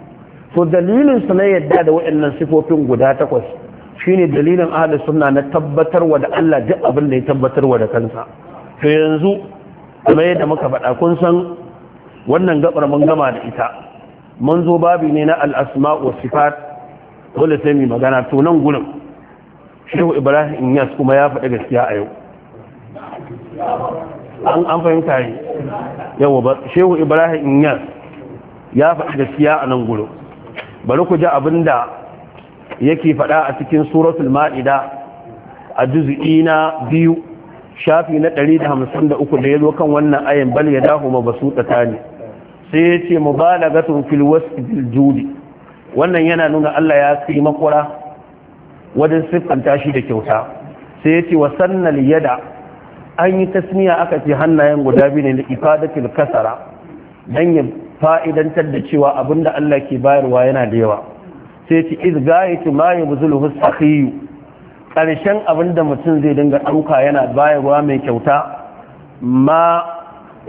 to dalilin su na yadda da wa'annan sifofin guda takwas shine dalilin ahlus sunna na tabbatar wa da Allah duk abin da ya tabbatar wa da kansa to yanzu kuma yadda muka faɗa kun san wannan gabar mun gama da ita mun zo babi ne na al-asma' wa sifat dole sai mai magana to nan gurin shehu ibrahim yas kuma ya faɗi gaskiya a yau an fahimta yi yawa ba shehu ibrahim yas ya faɗi gaskiya a nan gurin bari ku ji abin da yake faɗa a cikin suratul ma'ida a juzi na biyu shafi na 153 da ya zo kan wannan ayin bal ya dahu ma basu tsakani sai ya ce mubalagatun fil wasfi judi wannan yana nuna Allah ya kai makura wajen siffanta shi da kyauta sai ya ce wa sannan yada an yi tasmiya aka ce hannayen guda biyu ne da ifadatul kasara dan ya fa'idantar da cewa abinda Allah ke bayarwa yana da yawa sai ce iz gayatu ma yabzuluhu sakhiyu karshen abinda mutum zai dinga ɗauka yana bayarwa mai kyauta ma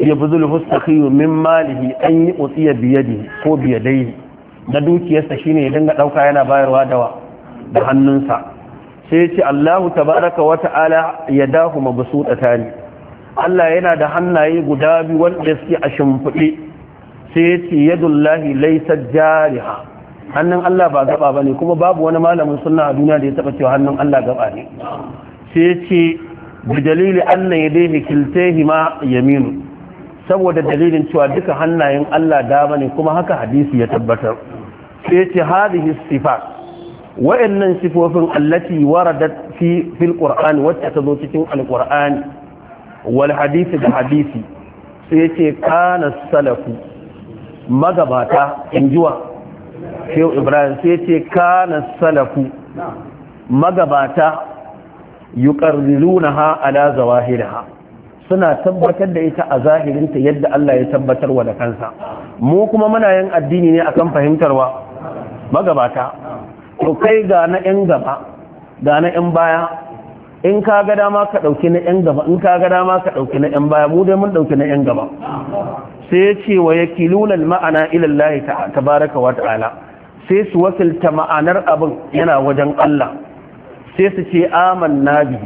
yabzuluhu sakhiyu min malihi an yi usiya biyadi ko biyadai na dukiyarsa shine ya dinga ɗauka yana bayarwa da da hannunsa sai ce Allahu tabaraka wa ta'ala yadahu tani Allah yana da hannaye guda biyu wanda suke a shimfiɗe sai ya ce yadullahi laysa jariha hannun Allah ba gaba bane kuma babu wani malamin sunna a duniya da ya taba cewa hannun Allah gaba ne sai ya ce bi dalili anna yadayhi kiltahuma yaminu saboda dalilin cewa duka hannayen Allah dama ne kuma haka hadisi ya tabbatar sai ce hadhihi sifat wa'annan sifofin allati waradat fi fil qur'an wacce ta zo cikin alqur'ani wal hadisi da hadisi sai ce kana salafu magabata injuwa shehu ibrahim sai ce kana salafu magabata yuqarrirunaha ala zawahiriha suna tabbatar da ita a zahirinta yadda Allah ya tabbatar wa da kansa mu kuma muna yin addini ne akan fahimtarwa magabata to kai ga na 'yan gaba ga na 'yan baya in ka ga dama ka ɗauki na 'yan gaba in ka ga dama ka ɗauki na 'yan baya mu dai mun ɗauki na 'yan gaba sai ya ce wa ya kilunan ma'ana ilallahi tabaraka wa ta'ala sai su wakilta ma'anar abin yana wajen Allah sai su ce aman nabi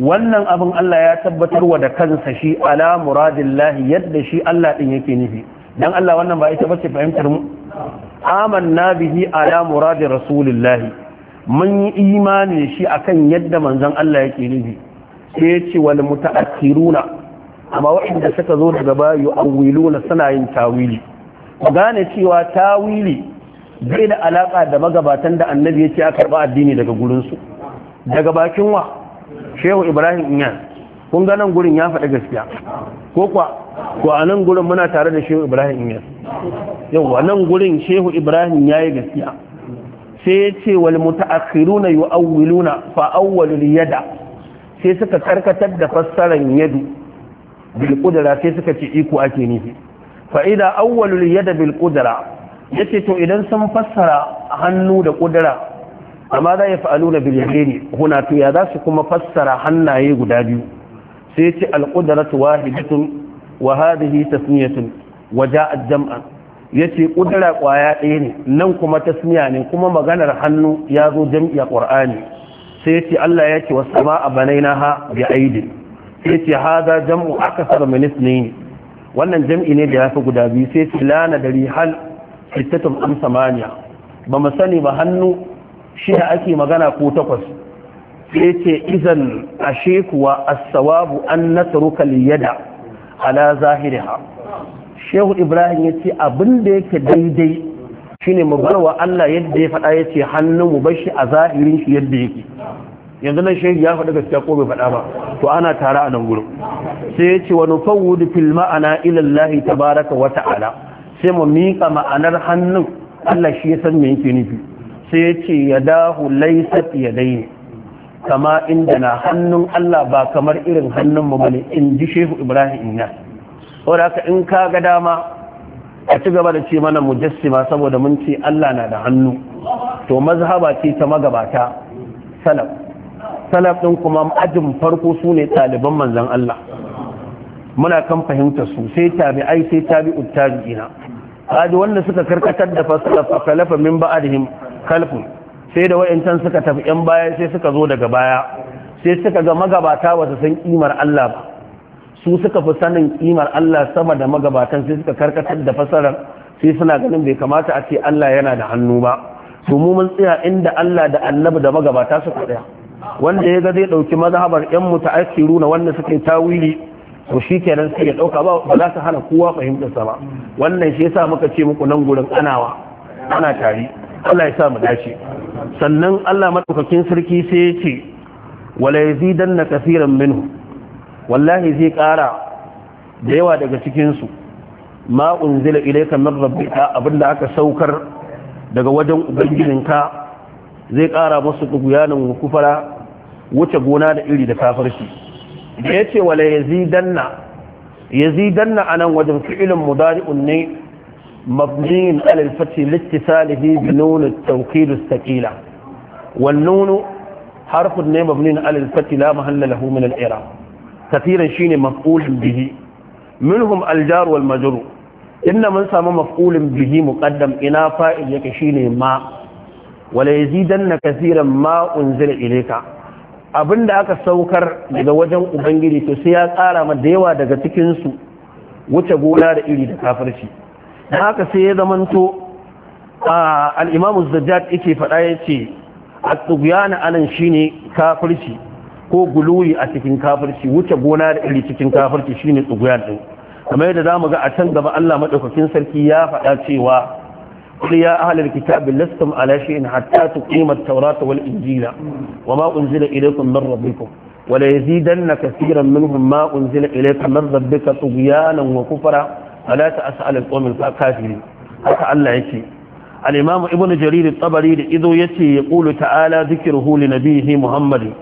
wannan abin Allah ya tabbatar wa da kansa shi ala muradillahi yadda shi Allah ɗin yake nufi dan Allah wannan ba ita bace fahimtar mu amanna bihi ala muradi rasulullahi mun yi imani shi akan yadda manzon Allah yake nufi sai ya ce wal mutaakhiruna amma waɗanda suka zo daga baya yu'awwiluna suna yin tawili gane cewa tawili bai da alaka da magabatan da annabi ya ce a karba addini daga gurinsu daga bakin wa shehu ibrahim inyan kun ga nan gurin ya faɗi gaskiya ko kwa ko a nan gurin muna tare da shehu ibrahim inyas yau a nan gurin shehu ibrahim ya yi gaskiya sai ya ce wal muta'akhiruna yu'awwiluna fa awwalul yada sai suka karkatar da fassarar yadu bil qudra sai suka ce iko ake nufi fa idan yada bil qudra yace to idan sun fassara hannu da kudara amma za ya fa'aluna bil ne huna to ya za su kuma fassara hannaye guda biyu sai ce alƙudaratu wahidatun wa hadhihi tasmiyatun wa ja'at jam'an yace ƙudara ƙwaya ɗaya ne nan kuma tasmiya ne kuma maganar hannu ya zo jam'i a ƙur'ani sai yace Allah yace was sama'a banaynaha bi aidi sai yace haza jam'u akthar min ne. wannan jam'i ne da yafi guda biyu sai yace la dari hal sittatun am samaniya ba mu sani ba hannu shi ake magana ko takwas ya ce izan ashe kuwa as-sawabu an nasruka liyada ala ha. shehu ibrahim ya ce abin da yake daidai shine mu bar wa Allah yadda ya faɗa yace hannun mu bashi a zahirin shi yadda yake yanzu nan shehu ya faɗa gaskiya ko bai faɗa ba to ana tare a nan gurin sai wani wa nufawwid fil ma'ana ilallahi Allah tabaaraka wa ta'ala sai mu miƙa ma'anar hannun Allah shi ya san me yake nufi sai yace yadahu laysat yadayni kama inda na hannun Allah ba kamar irin hannun mu bane in ji Shehu Ibrahim Inyas saboda haka in ka ga dama a ci gaba da ce mana mujassima saboda mun ce Allah na da hannu to mazhaba ce ta magabata salaf salaf din kuma ajin farko sune ne ɗaliban manzon Allah muna kan fahimtar su sai tabi'ai sai tabi'u tabi'ina hadi wanda suka karkatar da fasalafa min ba'adihim khalfun sai da wa'incan suka tafi yan baya sai suka zo daga baya sai suka ga magabata ba su san ƙimar Allah ba su suka fi sanin ƙimar Allah sama da magabatan sai suka karkatar da fasarar sai suna ganin bai kamata a ce Allah yana da hannu ba su mu mun tsaya inda Allah da annabi da magabata suka ɗaya wanda ya ga zai ɗauki mazhabar yan muta'assiru na wanda suke tawili to shi kenan suke ya ɗauka ba ba za su hana kowa fahimtar sama wannan shi yasa muka ce muku nan gurin anawa ana tari Allah ya sa mu dace sannan Allah maɗaukakin sarki sai ya ce wala na kasiran minhu wallahi zai ƙara da yawa daga cikin su ma unzila kamar rabbi ta abinda aka saukar daga wajen ubangijinka zai ƙara musu duguyanin kufara wuce gona da iri da kafarki da yace wala yazidanna yazidanna anan wajen fi'ilin mudari'un ne مبني على الفتح لاتصاله بنون التوكيد الثقيلة والنون حرف مبني على الفتح لا محل له من الإعراب كثيرا شين مفعول به منهم الجار والمجرور إن من سام مفعول به مقدم إنا فائل يكشين ما ولا يزيدن كثيرا ما أنزل إليك abin da aka saukar daga wajen ubangiji to sai ya tsara ma da yawa daga cikinsu wuce gona da iri da kafirci haka sai ya zamanto a al’imamu zajjad ike faɗa ya ce a anan shi ne kafirci ko guluri a cikin kafirci wuce gona da iri cikin kafirci shi ne tsuguyan ɗin kamar yadda za mu ga a can gaba allah maɗaukakin sarki ya faɗa cewa kuli ya ahalar kitabi lastum ala shi in hatta tu qimat tawrata wal injila wa ma unzila ilaykum min rabbikum wa yazidanna kaseeran minhum ma unzila ilayka min rabbika tughyana wa kufara ala ta as'al qawmin kafiri haka Allah yake al-imam ibn jarir at-tabari da izo yace ya qulu ta'ala dhikruhu li nabiyhi muhammad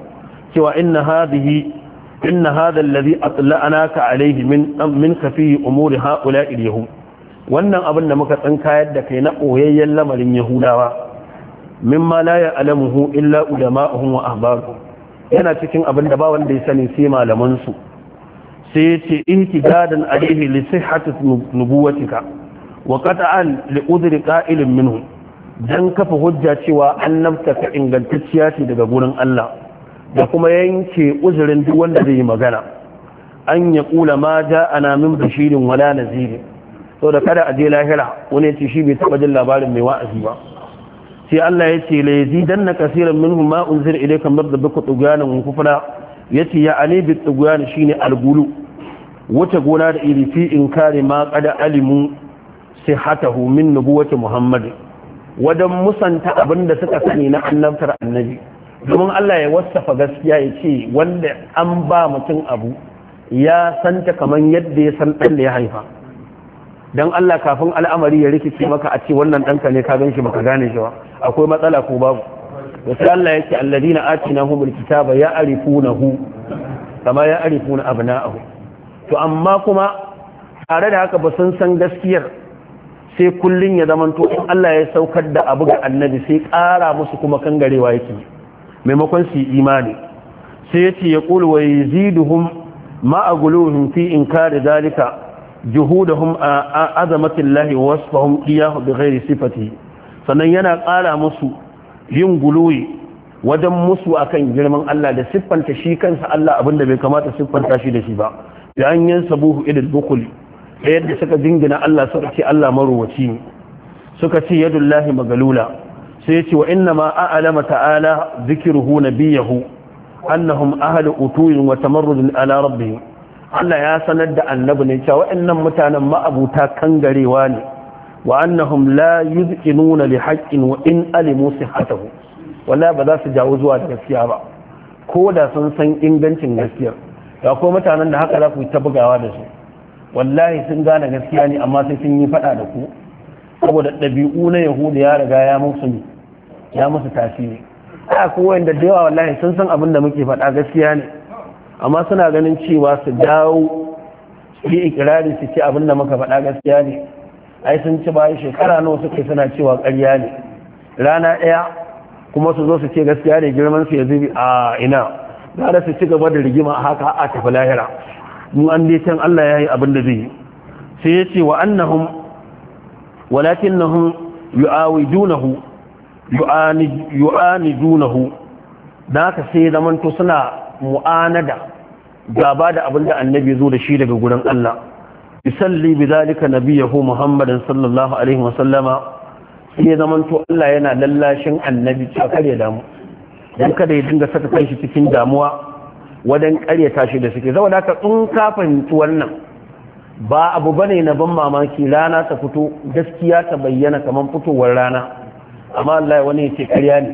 cewa inna hadhihi inna hadha alladhi atla'naka alayhi min min kafi umuri ha'ula'i yahud wannan abin da muka tsinkayar da kai na koyayyen lamarin yahudawa mimma la ya'lamuhu illa ulama'uhum wa ahbaruhum yana cikin abin da ba wanda ya sani sai malaman su sai ya ce intidadan alaihi li sihhati nubuwatika wa qat'an li udri qa'ilin minhu dan kafa hujja cewa annabta ka ingantacciya ce daga gurin Allah da kuma yanke uzurin duk wanda zai yi magana an ya kula ma ana min bashirin wala nazir to da kada a je lahira wani ya ce shi bai taba jin labarin mai wa'azi ba sai Allah ya ce la yazidanna kaseeran minhum ma unzila ilayka min rabbika tughyanan wa kufra yace ya ali bi tughyan shine algulu Wata gona da iri fi in kare ma kada alimu sai hatahu min nubuwati Muhammadu. wadan musanta abin da suka sani na annabtar annabi domin Allah ya wasafa gaskiya ya ce wanda an ba mutum abu ya santa kamar yadda ya san ɗan da ya haifa don Allah kafin al'amari ya rikice maka a ce wannan ɗanka ne ka ganshi baka gane shi ba akwai matsala ko babu wasu Allah ya ce alladina atina kitaba ya arifuna hu kama ya arifuna abna'ahu to amma kuma tare da haka ba sun san gaskiyar sai kullun ya zama to in Allah ya saukar da abu ga annabi sai ƙara musu kuma kangarewa yake maimakon su imani sai yace ya qul wa yaziduhum ma aguluhum fi inkari zalika juhudahum azamatillahi wa wasfahum iyahu bi ghairi sifatihi sannan yana ƙara musu yin guluwi wajen musu akan girman Allah da siffanta shi kansa Allah abinda bai kamata siffanta shi da shi ba da an yan sabuhu idil bukuli da yadda suka jingina Allah suka ce Allah maruwaci ne suka ce yadullahi magalula sai ya ce wa inna ma a'lama ta'ala na nabiyahu annahum ahlu utuyin wa tamarrudin ala rabbihim Allah ya sanar da annabi ne cewa waɗannan mutanen ma'abuta kangarewa ne wa annahum la nuna li haqqin wa in alimu sihhatahu wala ba za su jawo zuwa da gaskiya ba ko da sun san ingancin gaskiyar da ko mutanen da haka za ku ta bugawa da su wallahi sun gane gaskiya ne amma sai sun yi faɗa da ku saboda ɗabi'u na yahudu ya riga ya musu ya musu tasiri a kowai da yawa wallahi sun san abin da muke faɗa gaskiya ne amma suna ganin cewa su dawo su yi ikirari su ce abin da muka faɗa gaskiya ne ai sun ci bayan shekara nawa suke suna cewa ƙarya ne rana ɗaya kuma su zo su ce gaskiya ne girman su ya zubi a ina gara su ci gaba da rigima haka a tafi lahira mu an dai can Allah ya yi abin da zai yi sai ya ce wa annahum walakinnahum yu'awidunahu yu'anidunahu da haka sai zamanto suna mu'anada gaba da abin da annabi ya zo da shi daga gurin Allah yusalli bi zalika nabiyahu muhammadin sallallahu alaihi wasallama sai zamanto Allah yana lallashin annabi ta kare damu don kada ya dinga saka kanshi cikin damuwa wajen karyata shi da suke zama da ka in ka fahimci wannan ba abu bane na ban mamaki rana ta fito gaskiya ta bayyana kamar fitowar rana amma Allah wani ya ce karya ne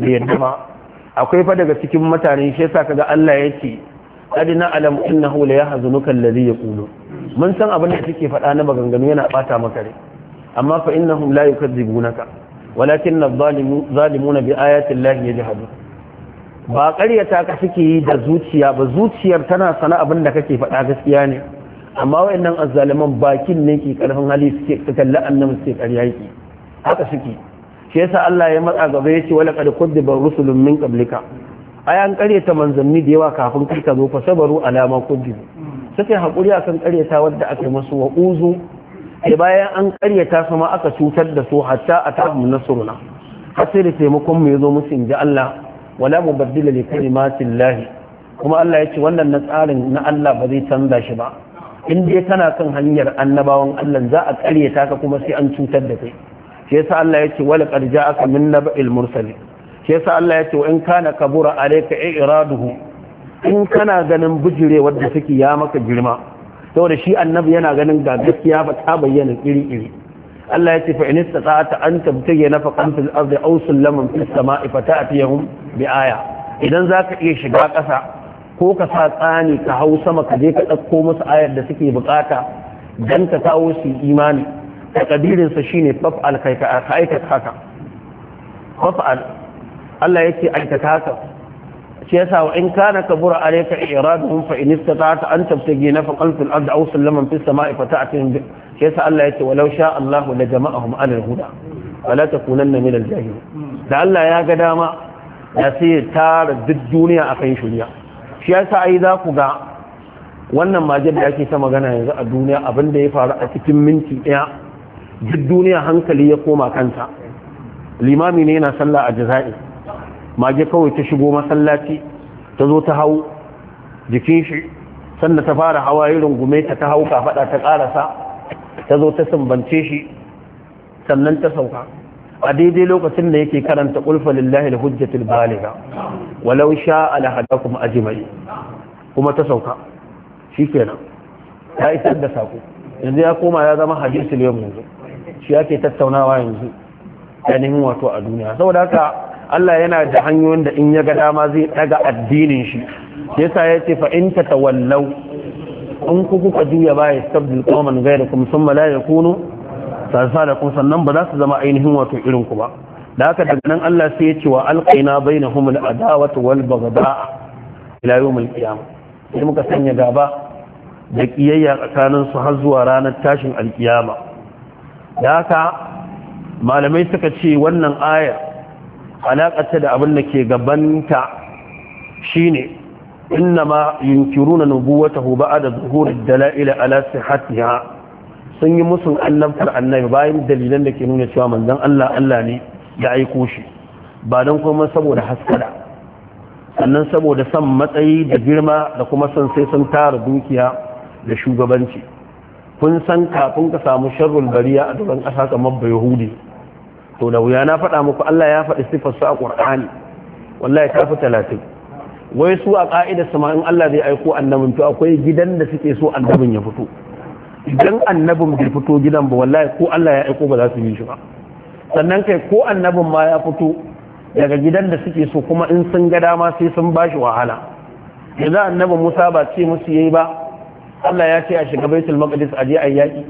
da yadda ma akwai fa daga cikin mutane shi yasa kaga Allah ya ce qad na'lamu innahu la yahzunuka alladhi yaqulu mun san abin da suke faɗa na maganganu yana bata maka rai amma fa innahum la yukadzibunaka walakin zalimuna bi ayatin lahi ya jihadu ba ƙaryata ka suke yi da zuciya ba zuciyar tana sana abin da kake faɗa gaskiya ne amma wayannan azzaliman bakin ne ke karfin hali suke suka la'annan suke ƙarya yake haka suke shi yasa Allah ya matsa gaba ya ce wala qad kudiba rusulun min qablika ai ƙaryata manzanni da yawa kafin kai ka zo fa sabaru alama kudibu suka hakuri akan ƙaryata wanda aka musu wa uzu sai bayan an karyata su ma aka cutar da su hatta a tahum nasuruna hasiri taimakon mu yazo musu inji Allah wala mubaddila li kalimatillahi kuma Allah ya ce wannan na tsarin na Allah ba zai canza shi ba in dai kana kan hanyar annabawan Allah za a karyata ka kuma sai an cutar da kai shi yasa Allah ya ce wala qad ja'aka min naba'il mursalin shi yasa Allah ya ce wa in kana kabura alayka i'raduhu in kana ganin bijire da suke ya maka girma saboda shi annabi yana ganin ga gaskiya ba ta bayyana iri iri Allah ya ce fa in istata an tabtaye nafaqan fil ardi aw sulaman fis sama'i fata'tiyahum bi aya idan zaka iya shiga ƙasa ko ka sa tsani ka hau sama ka je ka ɗauko musu ayar da suke bukata dan ka kawo su imani takadirin sa shine fa'al ka aikata haka fa'al Allah yake aikata haka shi yasa in kana kabura alayka iraduhum fa in istata'ta an tabtagi nafaqan fil ard aw sallaman fis sama'i fata'atihim shi yasa Allah yace walau sha Allah la jama'ahum ala al-huda wala takunanna min al-jahil da Allah ya ga dama ya sai tara duk duniya akan shirya shi yasa ai za ku ga wannan majal da ake ta magana yanzu a duniya abin da ya faru a cikin minti daya duk duniya hankali ya koma kanta limami ne yana sallah a jaza'i mage kawai ta shigo masallaci ta zo ta hau jikin shi sanda ta fara hawa yi rungume ta ta hau kafada ta ƙarasa ta zo ta sumbance shi sannan ta sauka a daidai lokacin da yake karanta ƙulfa lillahi da hujjatul baliga walau sha ala hadakum ajma'i kuma ta sauka shikenan ta isar da sako yanzu ya koma ya zama hadisul yau yanzu shi yake tattaunawa yanzu yanayin wato a duniya saboda haka Allah yana da hanyoyin da in ya ga dama zai daga addinin shi yasa ya ce fa in tawallau in ku kuka juya baya sabdil qawman ghayrakum thumma la yakunu sasalakum sannan ba za su zama ainihin wato irin ku ba da haka daga nan Allah sai ya ce wa alqaina bainahum al-adawata wal baghda ila yawm al-qiyamah sai muka sanya gaba da kiyayya tsakanin su har zuwa ranar tashin alkiyama da haka malamai suka ce wannan ayar alaƙarta da abin da ke gabanta shine inna ma yunkiru na yunkiruna nubuwatahu da zuhuri dalaila ala sihhatiha sun yi musun annabtar annabi bayan dalilan da ke nuna cewa manzan Allah Allah ne ya aiko shi ba don kuma saboda haskada sannan saboda son matsayi da girma da kuma san sai sun tara dukiya da shugabanci kun san kafin ka samu sharrul bariya a duban ƙasa kamar ba yahudi to da wuya na faɗa muku Allah ya faɗi sifar su a ƙur'ani wallahi ta fi talatin wai su a ƙa'idar sama in Allah zai aiko annabin to akwai gidan da suke so annabin ya fito idan annabin bai fito gidan ba wallahi ko Allah ya aiko ba za su yi shi ba sannan kai ko annabin ma ya fito daga gidan da suke so kuma in sun ga dama sai sun ba shi wahala yanzu annabin Musa ba ce musu yayi ba Allah ya ce a shiga Baitul Maqdis a je ayyaki.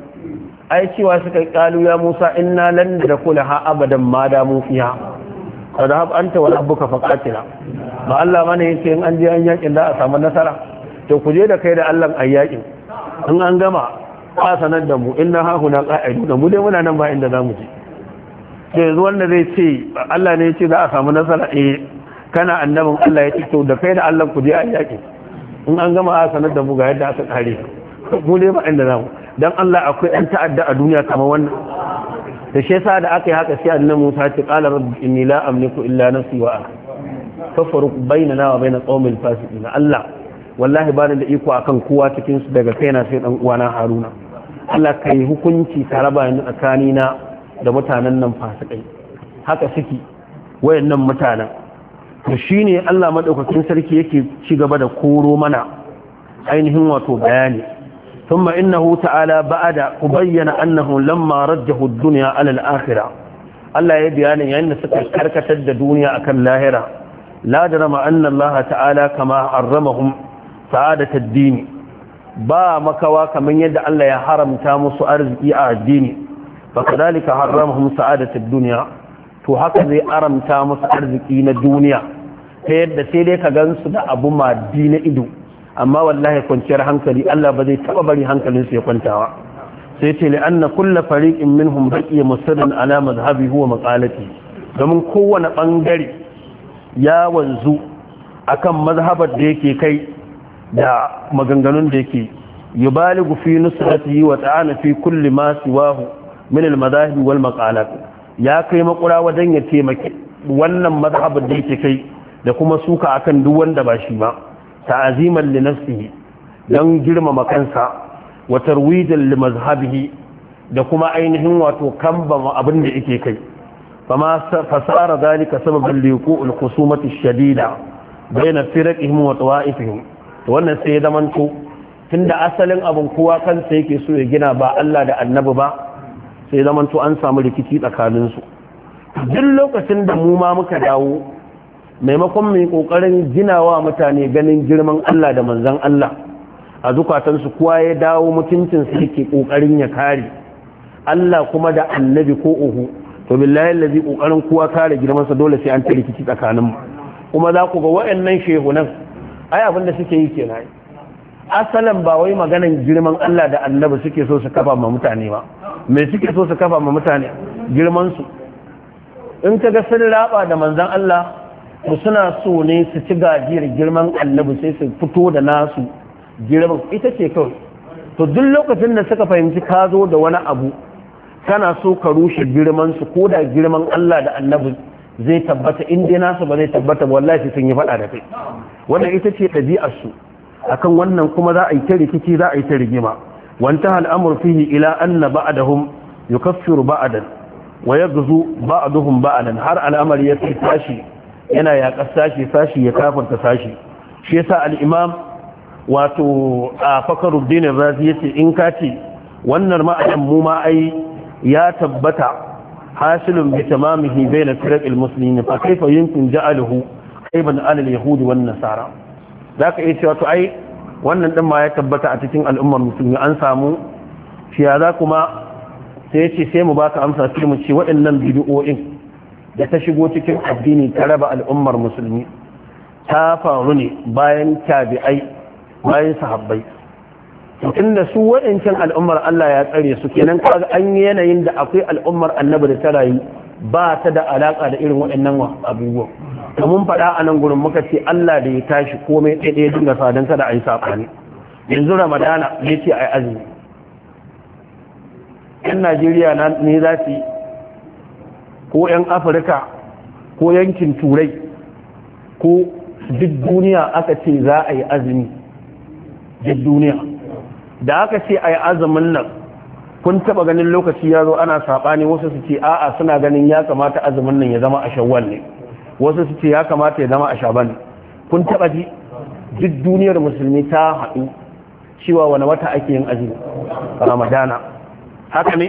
ai cewa suka kalu ya Musa inna lan ha abadan ma fiya fiha kada hab anta wa rabbuka faqatila ba Allah mana yace in an je an yakin da a samu nasara to ku je da kai da Allah a yakin in an gama a sanar da mu inna ha huna qa'idu da mu dai muna nan ba inda mu je to yanzu wanda zai ce Allah ne yace za a samu nasara eh kana annabin Allah ya to da kai da Allah ku je a yakin in an gama a sanar da mu ga yadda aka kare mu dai ba inda zamu dan Allah akwai ɗan ta'adda a duniya kamar wannan da shi yasa da aka yi haka sai annabi Musa ce qala rabbi inni la amliku illa nafsi wa akhi fafaruq bainana wa bain qaumil fasiqin Allah wallahi bani da iko akan kowa cikin su daga kaina sai dan uwana Haruna Allah kai hukunci tare ba ni na da mutanen nan fasikai haka suke wayannan mutanen to shine Allah madaukakin sarki yake ci gaba da koro mana ainihin wato bayani ثم إنه تعالى بعد أبين أنه لما رجه الدنيا على الآخرة الله يبيان أن سكر كركة الدنيا أكل لاهرة لا جرم أن الله تعالى كما حرمهم سعادة الدين با مكوا كمن يد الله يحرم تامس أرزقي الدين فكذلك حرمهم سعادة الدنيا to haka zai aramta musu arziki na duniya ta yadda sai dai ka gansu da abu madi na ido amma wallahi kwanciyar hankali Allah ba zai taba bari hankalin su ya kwantawa sai ce li'anna kullu fariqin minhum baqiya musaddan ala mazhabi huwa maqalati domin kowane bangare ya wanzu akan mazhabar da yake kai da maganganun da yake yubaligu fi nusratihi wa ta'ana fi kulli ma siwahu min al-madahib wal maqalat ya kai makura wajen ya taimake wannan mazhabar da yake kai da kuma suka akan duk wanda ba shi ba ta'aziman li nafsihi dan girmama kansa wa tarwidan li mazhabihi da kuma ainihin wato kamba abin da yake kai fama fasara zalika sababan liqul khusumati shadida baina firqihim wa tawaifihim wannan sai zaman to tunda asalin abin kowa kansa yake so ya gina ba Allah da annabi ba sai zamanto an samu rikici tsakaninsu duk lokacin da mu ma muka dawo maimakon mai ƙoƙarin ginawa mutane ganin girman Allah da manzan Allah a zukatansu kuwa ya dawo mutuncinsu yake kokarin ya kare Allah kuma da annabi ko uhu to billahi lazi ƙoƙarin kuwa kare girmansa dole sai an ta rikici tsakanin kuma za ku ga shehu nan? ai abin da suke yi kenan asalan ba wai maganan girman Allah da annabi suke so su kafa ma mutane ba me suke so su kafa ma mutane girmansu in ka ga sun raba da manzan Allah to suna so ne su ci gajiyar girman annabi sai su fito da nasu girman ita ce kawai to duk lokacin da suka fahimci ka zo da wani abu kana so ka rushe girman su ko da girman Allah da annabi zai tabbata in dai nasu ba zai tabbata ba wallahi sun yi faɗa da kai wannan ita ce ɗabi'ar su akan wannan kuma za a yi ta rikici za a yi ta rigima wanta al'amur fihi ila anna ba'dahum yukaffiru ba'dan wa yaghzu ba'dahum ba'dan har al'amari ya tashi yana yaƙar sashi sashi ya kafarta sashi shi yasa alimam imam wato a fakaruddin razi yace in ka ce wannan ma'ajan mu ma ai ya tabbata hasilun bi tamamihi na firq al-muslimin fa kayfa yumkin ja'aluhu aiban alal yahudi wan nasara zaka iya cewa to ai wannan din ma ya tabbata a cikin al'ummar musulmi an samu shi ya za kuma sai ce sai mu baka amsa sai mu ce waɗannan bid'o'in da ta shigo cikin addini ta raba al'ummar musulmi ta faru ne bayan tabi'ai bayan sahabbai da su wa'incin al'ummar Allah ya tsare su kenan kaga an yi yanayin da akwai al'ummar annabi da ta rayu ba ta da alaka da irin waɗannan abubuwan da mun faɗa a nan gurin muka ce Allah da ya tashi komai ɗaya dinga sadan kada a yi saɓani yanzu ramadana ya ce a yi azumi yan najeriya ne za su ko 'yan afirka ko yankin turai ko duk duniya aka ce za a yi azumi duk duniya da aka ce a yi azumin nan kun taba ganin lokaci ya zo ana saɓani wasu su ce a'a suna ganin ya kamata azumin nan ya zama a shawwal ne wasu su ce ya kamata ya zama a shaban kun taba ji duk duniyar musulmi ta haɗu cewa wani wata ake yin azumi ramadana haka ne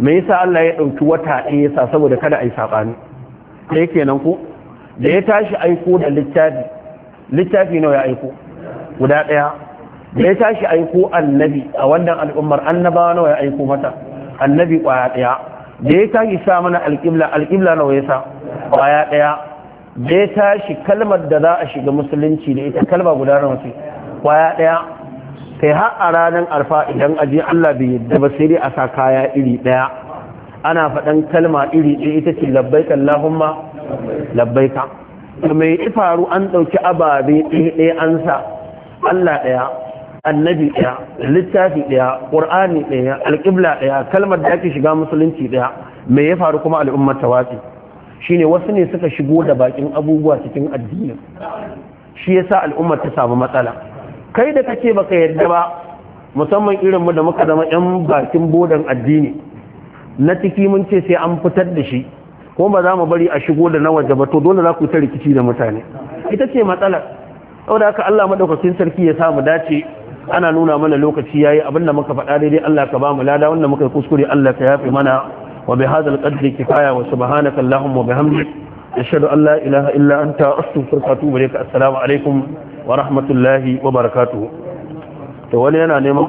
me yasa Allah ya ɗauki wata ɗaya yasa saboda kada ai yi saɓani ɗaya kenan ku da ya tashi aiko da littafi littafi nawa ya aiko guda ɗaya da ya tashi aiko annabi a wannan al'ummar annabawa nawa ya aiko mata annabi ƙwaya ɗaya da ya tashi sa mana alqibla alqibla nawa ya sa ƙwaya ɗaya da ya tashi kalmar da za a shiga musulunci da ita kalma guda nawa ce ƙwaya ɗaya kai har a ranar arfa idan aji Allah bai yadda ba sai a sa kaya iri daya ana faɗan kalma iri ɗaya ita ce labbaika Allahumma labbaika mai faru an ɗauki ababe ɗaya an sa Allah ɗaya annabi ɗaya littafi ɗaya ƙur'ani ɗaya alƙibla ɗaya kalmar da ake shiga musulunci ɗaya me ya faru kuma al'ummar tawatsi shine wasu ne suka shigo da bakin abubuwa cikin addinin shi yasa al'ummar ta samu matsala kai da kake baka yadda ba musamman irin mu da muka zama yan bakin bodan addini na ciki mun ce sai an fitar da shi ko ba za mu bari a shigo da na waje ba to dole za ku ta rikici da mutane ita ce matsalar saboda haka Allah madaukakin sarki ya samu dace ana nuna mana lokaci yayi abin da muka faɗa daidai Allah ka ba mu lada wanda muka kuskure Allah ka yafe mana wa bi hadzal qadri kifaya wa subhanaka allahumma wa bihamdika ashhadu an la ilaha illa anta astaghfiruka wa atubu ilaik assalamu alaikum wa rahmatullahi wa barakatuhu to wani yana neman